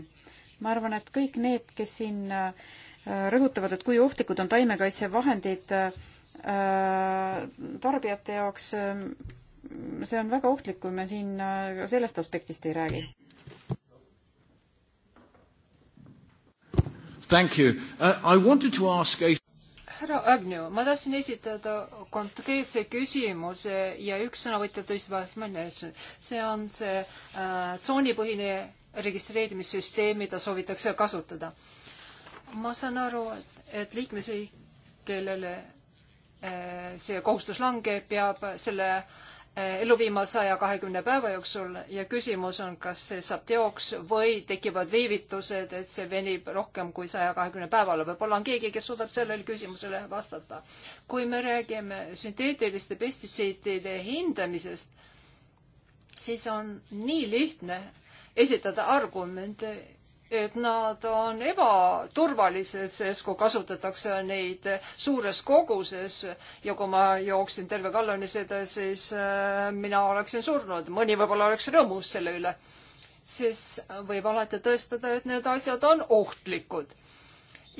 ma arvan, et kõik need, kes siin äh, rõhutavad, et kui ohtlikud on taimekaitsevahendid äh, tarbijate jaoks. Äh, see on väga ohtlik, kui me siin ka äh, sellest aspektist ei räägi. Thank you uh,. I wanted to ask a härra Agnew, ma tahtsin esitada konkreetse küsimuse ja üks sõnavõtja tõstis mõnes, see on see tsoonipõhine äh, registreerimissüsteem, mida soovitakse kasutada äh, ma saan aru, et, et liikmesriik, kellele eh, see kohustus langeb, peab selle eh, ellu viima saja kahekümne päeva jooksul ja küsimus on, kas see saab teoks või tekivad viivitused, et see venib rohkem kui saja kahekümne päevale. võib-olla on keegi, kes suudab sellele küsimusele vastata. kui me räägime sünteetiliste pestitsiidide hindamisest, siis on nii lihtne esitada argumente et nad on ebaturvalised, sest kui kasutatakse neid suures koguses ja kui ma jooksin terve galloni seda, siis äh, mina oleksin surnud, mõni võib-olla oleks rõõmus selle üle. siis võib alati tõestada, et need asjad on ohtlikud.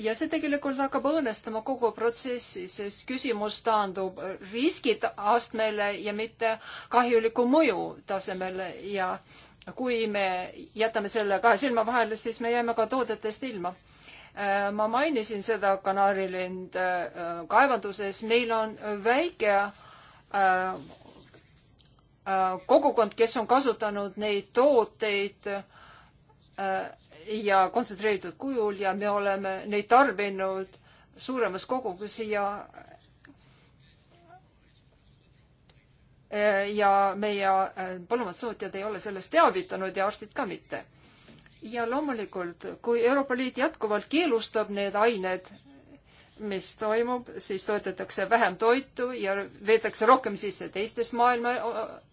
ja see tegelikult hakkab õõnestama kogu protsessi, sest küsimus taandub riskid astmele ja mitte kahjuliku mõju tasemele ja kui me jätame selle kahe silma vahele, siis me jääme ka toodetest ilma. Äh, ma mainisin seda kanaarilind äh, kaevanduses, meil on väike äh, kogukond, kes on kasutanud neid tooteid ja kontsentreeritud kujul ja me oleme neid tarbinud suuremas koguses ja Eh, ja meie eh, põllumajandussuutjad ei ole sellest teavitanud ja arstid ka mitte. ja loomulikult, kui Euroopa Liit jätkuvalt keelustab need ained, mis toimub, siis toodetakse vähem toitu ja veetakse rohkem sisse teistest maailma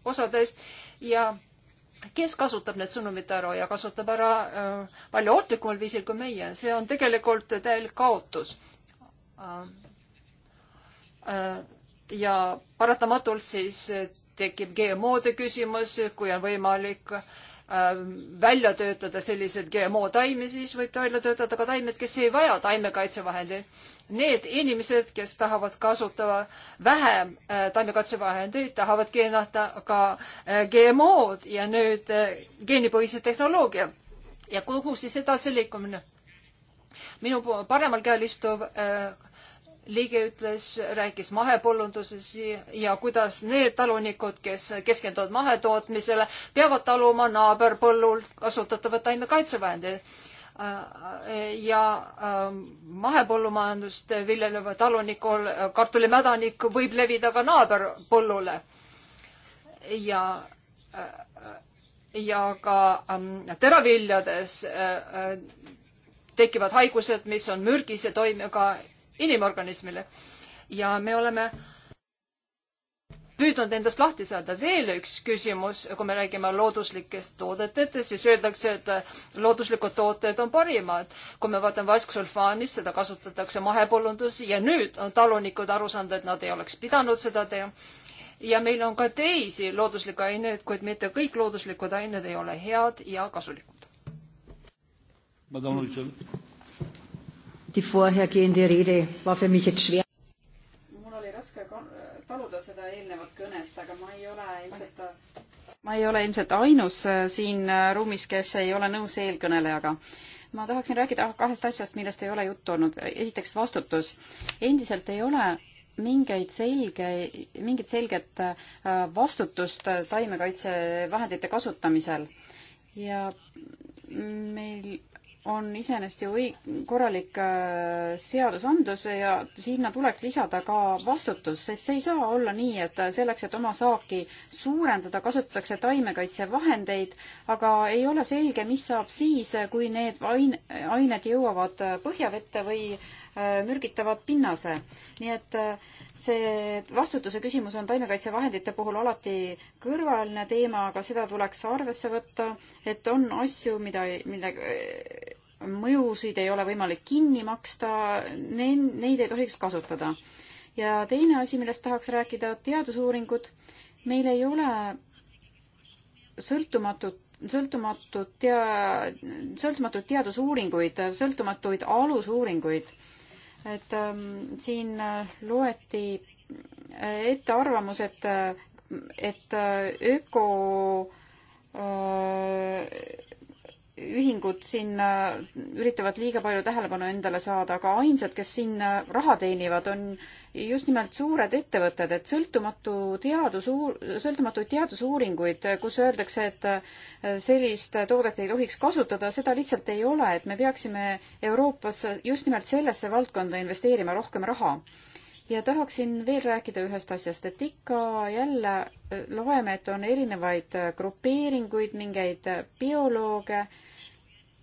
osadest ja kes kasutab need sõnumid ära ja kasutab ära äh, palju ohtlikumal viisil kui meie, see on tegelikult täielik kaotus äh,. Äh, ja paratamatult siis tekib GMO-de küsimus, kui on võimalik äh, välja töötada selliseid GMO-taimi, siis võib välja töötada ka taimed, kes ei vaja taimekaitsevahendeid. Need inimesed, kes tahavad kasutada vähem äh, taimekaitsevahendeid, tahavad geenata ka äh, GMO-d ja nüüd geenipõhise tehnoloogia. ja kuhu siis edasi liikumine? minu paremal käel istuv äh, liige ütles, rääkis mahepõllunduses ja kuidas need talunikud, kes keskenduvad mahetootmisele, peavad taluma naaberpõllul kasutatavat taimekaitsevahendeid ja ähm, mahepõllumajandust viljeleval talunikul äh, kartulimädanik võib levida ka naaberpõllule. ja, äh, ja ka ähm, teraviljades äh, tekivad haigused, mis on mürgise toimega inimorganismile. ja me oleme püüdnud endast lahti saada. veel üks küsimus, kui me räägime looduslikest toodetest, siis öeldakse, et looduslikud tooted on parimad. kui me vaatame vasksulfaanist, seda kasutatakse mahepõllundus ja nüüd on talunikud aru saanud, et nad ei oleks pidanud seda teha. ja meil on ka teisi looduslikke aineid, kuid mitte kõik looduslikud ained ei ole head ja kasulikud. ma tahan üldse Die vorhergehende Rede war für mich jetzt schwer. mul oli raske äh, taluda seda eelnevat kõnet, aga ma ei ole ilmselt, äh, ma ei ole ilmselt ainus äh, siin ruumis, kes ei ole nõus eelkõnelejaga ma tahaksin rääkida ah, kahest asjast, millest ei ole juttu olnud. esiteks vastutus. endiselt ei ole mingeid selge, mingit selget vastutust taimekaitsevahendite kasutamisel. ja meil on iseenesest ju õig-, korralik äh, seadusandlus ja sinna tuleks lisada ka vastutus, sest see ei saa olla nii, et selleks, et oma saaki suurendada, kasutatakse taimekaitsevahendeid, aga ei ole selge, mis saab siis, kui need ain-, ained jõuavad põhjavette või äh, Äh, mürgitavad pinnase. nii et äh, see vastutuse küsimus on taimekaitsevahendite puhul alati kõrvaline teema, aga seda tuleks arvesse võtta, et on asju, mida, mille äh, mõjusid ei ole võimalik kinni maksta, neid ei tohiks kasutada. ja teine asi, millest tahaks rääkida, teadusuuringud. meil ei ole sõltumatut sõltumatut tea-, sõltumatuid teadusuuringuid, sõltumatuid alusuuringuid et ähm, siin äh, loeti äh, ette arvamus, et, äh, et öko öö, ühingud siin äh, üritavad liiga palju tähelepanu endale saada, aga ainsad, kes siin äh, raha teenivad, on just nimelt suured ettevõtted, et sõltumatu teadus, sõltumatuid teadusuuringuid, kus öeldakse, et äh, sellist toodet ei tohiks kasutada, seda lihtsalt ei ole, et me peaksime Euroopas just nimelt sellesse valdkonda investeerima rohkem raha ja tahaksin veel rääkida ühest asjast, et ikka jälle äh, loeme, et on erinevaid äh, grupeeringuid, mingeid äh, biolooge,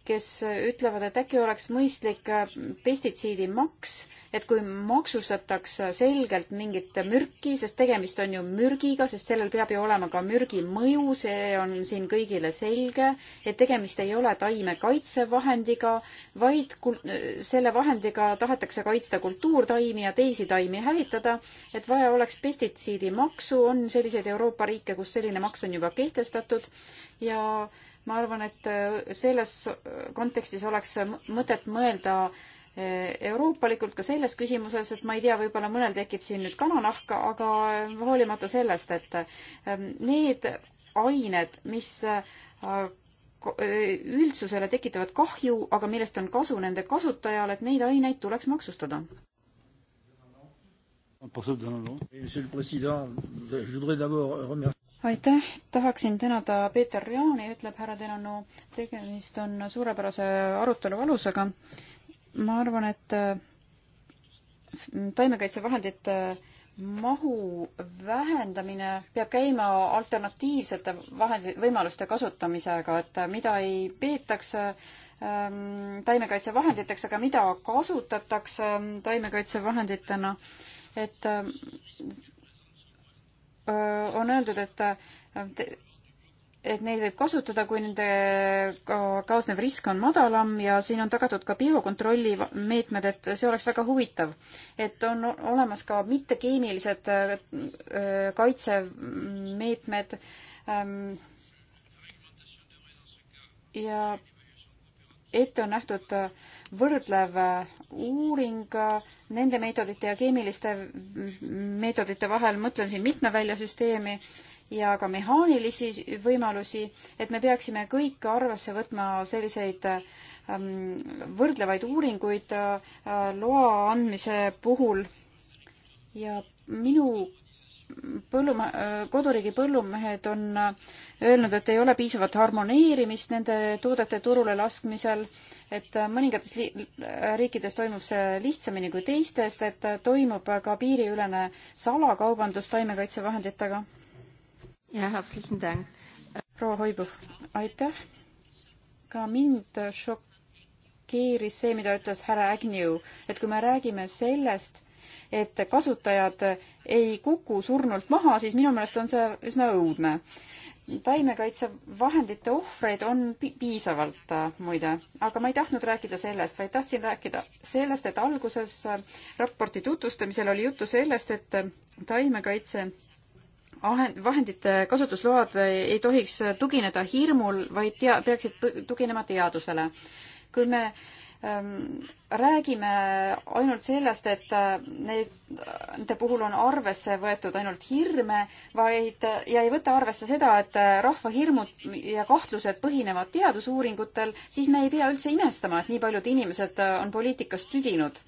kes ütlevad, et äkki oleks mõistlik äh, pestitsiidimaks, et kui maksustatakse selgelt mingit mürki, sest tegemist on ju mürgiga, sest sellel peab ju olema ka mürgi mõju, see on siin kõigile selge, et tegemist ei ole taimekaitsevahendiga, vaid selle vahendiga tahetakse kaitsta kultuurtaimi ja teisi taimi hävitada, et vaja oleks pestitsiidimaksu, on selliseid Euroopa riike, kus selline maks on juba kehtestatud ja äh, ma arvan, et äh, selles kontekstis oleks mõtet mõelda äh, euroopalikult ka selles küsimuses, et ma ei tea, võib-olla mõnel tekib siin nüüd kananahk, aga äh, hoolimata sellest, et ähm, need ained, mis üldsusele tekitavad kahju, aga millest on kasu nende kasutajal, et neid aineid tuleks maksustada. Monsieur le Président, je voudrais d'abord remercier aitäh, tahaksin tänada Peeter Jaani, ütleb härra Denanu, tegemist on suurepärase arutelu alusega. ma arvan, et äh, taimekaitsevahendite äh, mahu vähendamine peab käima alternatiivsete vahendi, võimaluste kasutamisega, et äh, mida ei peetaks ähm, taimekaitsevahenditeks, aga mida kasutatakse ähm, taimekaitsevahenditena, et on öeldud, et äh, et neid võib kasutada, kui nende kaasnev risk on madalam ja siin on tagatud ka biokontrolli meetmed, et see oleks väga huvitav. et on olemas ka mittekeemilised äh, äh, kaitsemeetmed. Ähm, ja ette on nähtud võrdlev uuring nende meetodite ja keemiliste meetodite vahel, mõtlen siin mitmeväljasüsteemi ja ka mehaanilisi võimalusi, et me peaksime kõik arvesse võtma selliseid ähm, võrdlevaid uuringuid äh, loa andmise puhul. ja minu põllumehe, koduriigi põllumehed on öelnud, et ei ole piisavat harmoneerimist nende toodete turule laskmisel, et mõningates riikides toimub see lihtsamini kui teistest, et toimub ka piiriülene salakaubandus taimekaitsevahenditega. proua Hoibuh, aitäh! ka mind šokeeris see, mida ütles härra Agnew, et kui me räägime sellest, et kasutajad ei kuku surnult maha, siis minu meelest on see üsna õudne. taimekaitsevahendite ohvreid on piisavalt äh, muide, aga ma ei tahtnud rääkida sellest, vaid tahtsin rääkida sellest, et alguses äh, raporti tutvustamisel oli juttu sellest, et äh, taimekaitse vahendite kasutusload ei tohiks tugineda hirmul, vaid tea, peaksid tuginema teadusele. kui me Ehm, räägime ainult sellest, et äh, neid, nende puhul on arvesse võetud ainult hirme, vaid, äh, ja ei võta arvesse seda, et äh, rahva hirmud ja kahtlused põhinevad teadusuuringutel, siis me ei pea üldse imestama, et nii paljud inimesed on poliitikast tüdinud.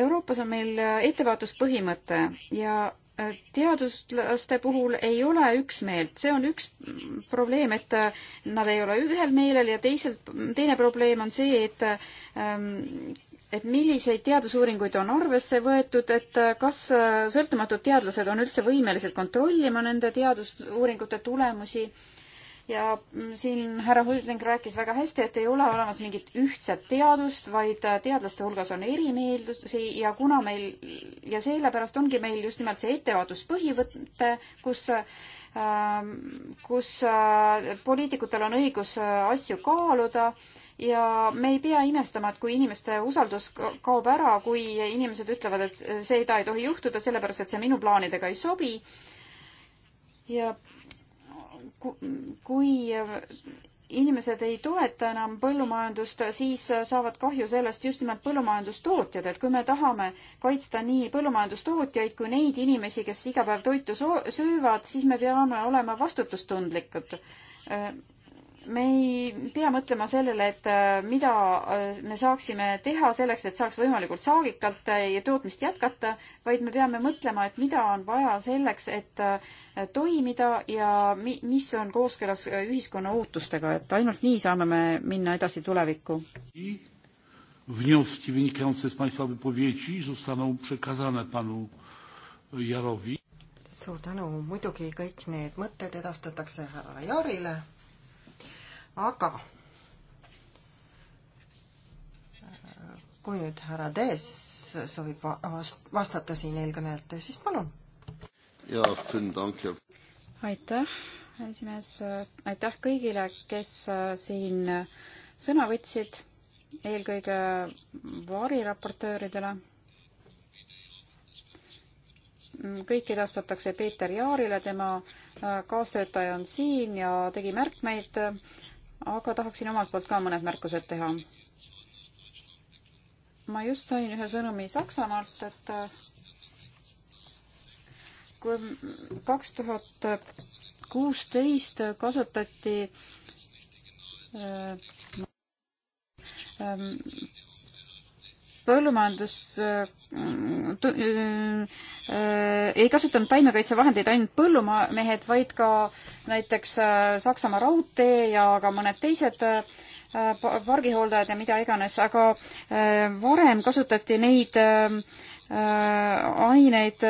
Euroopas on meil ettevaatuspõhimõte ja teaduslaste puhul ei ole üksmeelt, see on üks probleem, et äh, nad ei ole ühel meelel ja teiselt, teine probleem on see, et ähm, et milliseid teadusuuringuid on arvesse võetud, et äh, kas äh, sõltumatud teadlased on üldse võimelised kontrollima nende teadusuuringute tulemusi äh, ja mm, siin härra Hulding rääkis väga hästi, et ei ole olemas mingit ühtset teadust, vaid äh, teadlaste hulgas on erimeeldusi ja kuna meil ja sellepärast ongi meil just nimelt see ettevaatuspõhimõte, kus ähm, kus äh, poliitikutel on õigus äh, asju kaaluda ja me ei pea imestama, et kui inimeste usaldus kaob ära, kui inimesed ütlevad, et seda ei tohi juhtuda, sellepärast et see minu plaanidega ei sobi. ja kui inimesed ei toeta enam põllumajandust, siis saavad kahju sellest just nimelt põllumajandustootjad, et kui me tahame kaitsta nii põllumajandustootjaid kui neid inimesi, kes iga päev toitu söövad, siis me peame olema vastutustundlikud. Äh, me ei pea mõtlema sellele, et äh, mida äh, me saaksime teha selleks, et saaks võimalikult saagikalt äh, ja tootmist jätkata, vaid me peame mõtlema, et mida on vaja selleks, et toimida ja mi-, mis on kooskõlas ühiskonna ootustega, et ainult nii saame me minna edasi tulevikku. Wnioski wynikające z Państwa wypowiedzi zostaną przekazane Panu Jarowi. Suur tänu, muidugi kõik need mõtted edastatakse härra Jarile aga kui nüüd härra Dees soovib vast-, vastata siin eelkõnelejatele, siis palun. aitäh, esimees, aitäh kõigile, kes äh, siin äh, sõna võtsid, eelkõige variraportööridele. Mm, kõik edastatakse Peeter Jaarile, tema äh, kaastöötaja on siin ja tegi märkmeid aga tahaksin omalt poolt ka mõned märkused teha. ma just sain ühe sõnumi Saksamaalt, et äh, kui kaks tuhat kuusteist kasutati äh, põllumajandus äh, äh, ei kasutanud taimekaitsevahendeid ainult põllumehed, vaid ka näiteks äh, Saksamaa raudtee ja ka mõned teised pargihooldajad ja mida iganes, aga varem kasutati neid aineid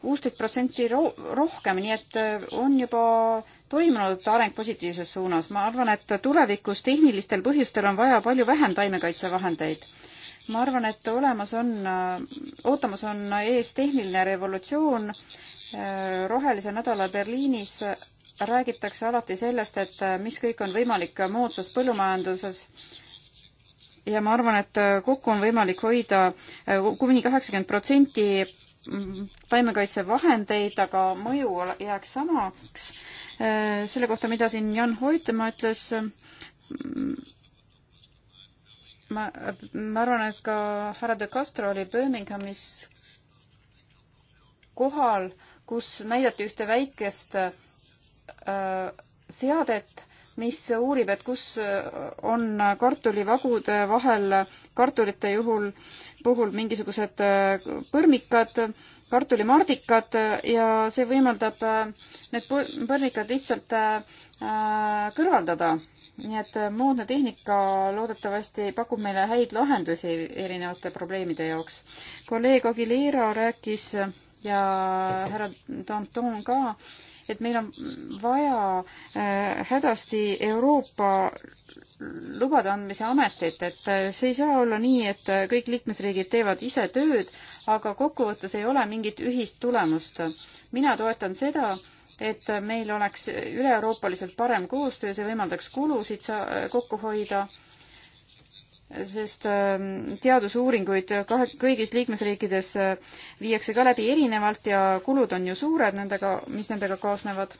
kuusteist protsenti rohkem, nii et on juba toimunud areng positiivses suunas. ma arvan, et tulevikus tehnilistel põhjustel on vaja palju vähem taimekaitsevahendeid ma arvan, et olemas on, ootamas on ees tehniline revolutsioon. rohelise nädala Berliinis räägitakse alati sellest, et mis kõik on võimalik moodsas põllumajanduses ja ma arvan, et kokku on võimalik hoida kuni kaheksakümmend protsenti taimekaitsevahendeid, aga mõju jääks samaks. selle kohta, mida siin Jan Hoitemaa ütles, ma, ma arvan, et ka härra de Castro oli Birminghamis kohal, kus näidati ühte väikest äh, seadet, mis uurib, et kus on kartulivagude vahel kartulite juhul, puhul mingisugused äh, põrmikad, kartulimardikad ja see võimaldab äh, need põrmikad lihtsalt äh, äh kõrvaldada nii et äh, moodne tehnika loodetavasti pakub meile häid lahendusi erinevate probleemide jaoks. kolleeg Aguilera rääkis äh, ja härra Danton ka, et meil on vaja äh, hädasti Euroopa lubade andmise ametit, et see ei saa olla nii, et kõik liikmesriigid teevad ise tööd, aga kokkuvõttes ei ole mingit ühist tulemust. mina toetan seda, et meil oleks üle-euroopaliselt parem koostöö, see võimaldaks kulusid kokku hoida, sest ähm, teadusuuringuid kahe, kõigis liikmesriikides äh, viiakse ka läbi erinevalt ja kulud on ju suured nendega, mis nendega kaasnevad.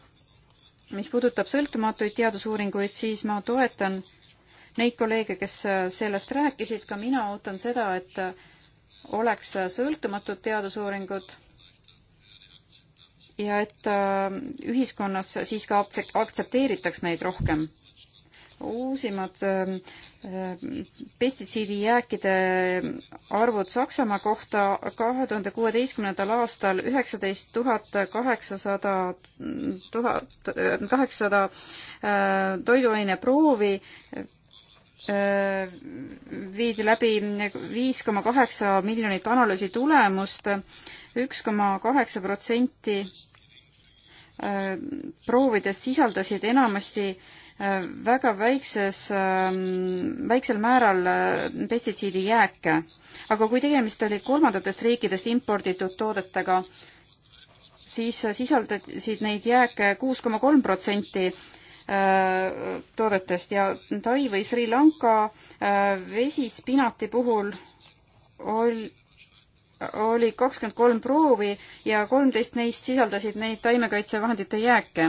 mis puudutab sõltumatuid teadusuuringuid, siis ma toetan neid kolleege, kes äh, sellest rääkisid, ka mina ootan seda, et äh, oleks sõltumatud teadusuuringud ja et äh, ühiskonnas siis ka aktsepteeritaks neid rohkem. uusimad ähm, äh, pestitsiidijääkide arvud Saksamaa kohta kahe tuhande kuueteistkümnendal aastal üheksateist tuhat kaheksasada tuhat, äh, kaheksasada toiduaineproovi viidi läbi viis koma kaheksa miljonit analüüsi tulemust, üks koma kaheksa protsenti proovides sisaldasid enamasti äh, väga väikses, ähm, väiksel määral äh, pestitsiidijääke. aga kui tegemist oli kolmandatest riikidest imporditud toodetega, siis sisaldasid neid jääke kuus koma kolm protsenti äh, toodetest ja Tai või Sri Lanka vesispinati puhul ol-, oli kakskümmend kolm proovi ja kolmteist neist sisaldasid neid taimekaitsevahendite jääke.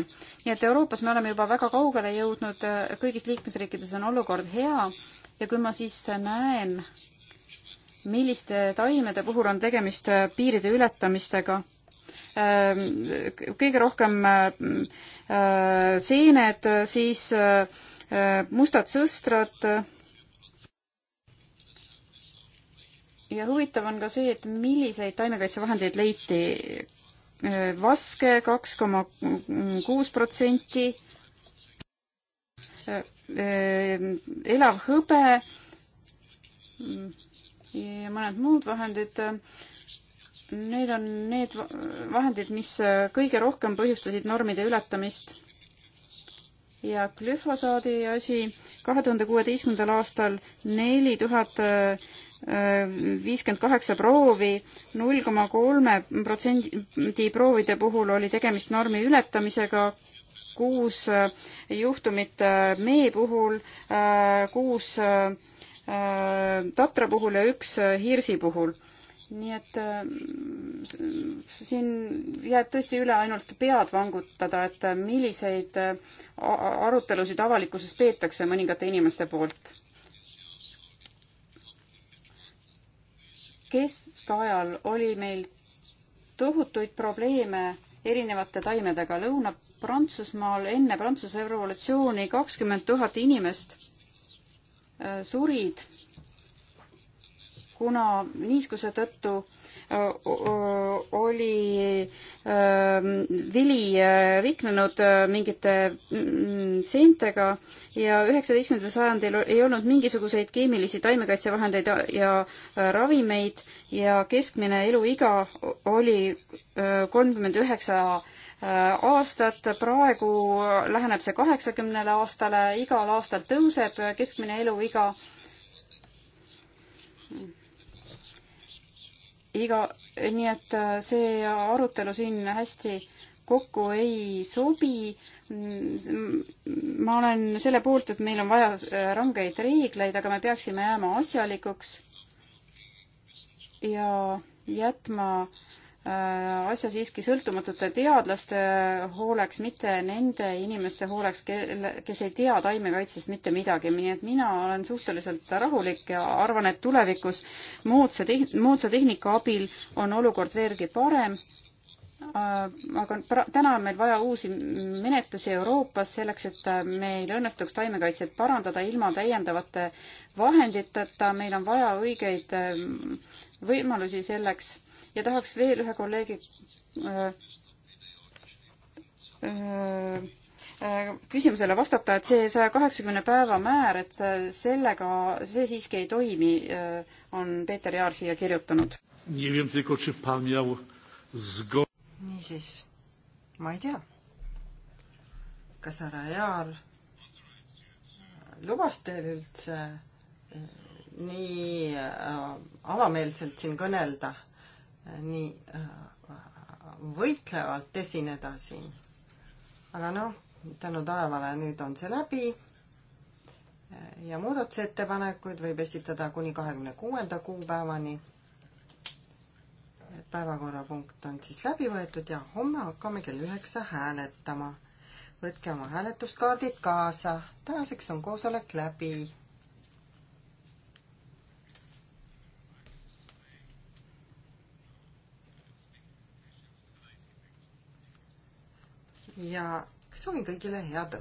nii et Euroopas me oleme juba väga kaugele jõudnud, kõigis liikmesriikides on olukord hea ja kui ma siis näen, milliste taimede puhul on tegemist piiride ületamistega, ähm, kõige rohkem äh, seened, siis äh, mustad sõstrad, ja huvitav on ka see, et milliseid taimekaitsevahendeid leiti. Äh, vaske kaks koma kuus protsenti, äh, äh, elav hõbe ja mõned muud vahendid. Need on need vahendid, mis kõige rohkem põhjustasid normide ületamist. ja glüfosaadi asi kahe tuhande kuueteistkümnendal aastal neli tuhat viiskümmend kaheksa proovi, null koma kolme protsendi proovide puhul oli tegemist normi ületamisega, kuus äh, juhtumit äh, mee puhul, äh, kuus tatra puhul ja üks hirsi puhul. nii et siin jääb tõesti üle ainult pead vangutada, et milliseid arutelusid avalikkuses peetakse mõningate inimeste poolt keskajal oli meil tohutuid probleeme erinevate taimedega. Lõuna-Prantsusmaal enne Prantsuse revolutsiooni kakskümmend tuhat inimest äh, surid, kuna niiskuse tõttu oli vili riknenud mingite mm, seentega ja üheksateistkümnendal sajandil ei olnud mingisuguseid keemilisi taimekaitsevahendeid ja ravimeid ja keskmine eluiga oli kolmkümmend üheksa aastat, praegu läheneb see kaheksakümnele aastale, igal aastal tõuseb keskmine eluiga iga, nii et äh, see arutelu siin hästi kokku ei sobi. Mm, ma olen selle poolt, et meil on vaja äh, rangeid reegleid, aga me peaksime jääma asjalikuks ja jätma äh, Äh, asja siiski sõltumatute teadlaste hooleks, mitte nende inimeste hooleks, kelle, kes ei tea taimekaitsest mitte midagi, nii et mina olen suhteliselt rahulik ja arvan, et tulevikus moodsa tehn-, moodsa tehnika abil on olukord veelgi parem, äh, aga pra-, täna on meil vaja uusi menetlusi Euroopas selleks, et meil õnnestuks taimekaitset parandada ilma täiendavate vahenditeta, meil on vaja õigeid äh, võimalusi selleks ja tahaks veel ühe kolleegi öö, äh, öö, äh, äh, küsimusele vastata, et see saja kaheksakümne päeva määr, et sellega, see siiski ei toimi, on Peeter Jaar siia kirjutanud. niisiis, ma ei tea, kas härra Jaar lubas teil üldse nii avameelselt siin kõnelda nii äh, võitlevalt esineda siin. aga noh, tänu taevale, nüüd on see läbi. ja muudatusettepanekuid võib esitada kuni kahekümne kuuenda kuupäevani. päevakorrapunkt on siis läbi võetud ja homme hakkame kell üheksa hääletama. võtke oma hääletuskaardid kaasa. tänaseks on koosolek läbi ja soovin kõigile head õhtut!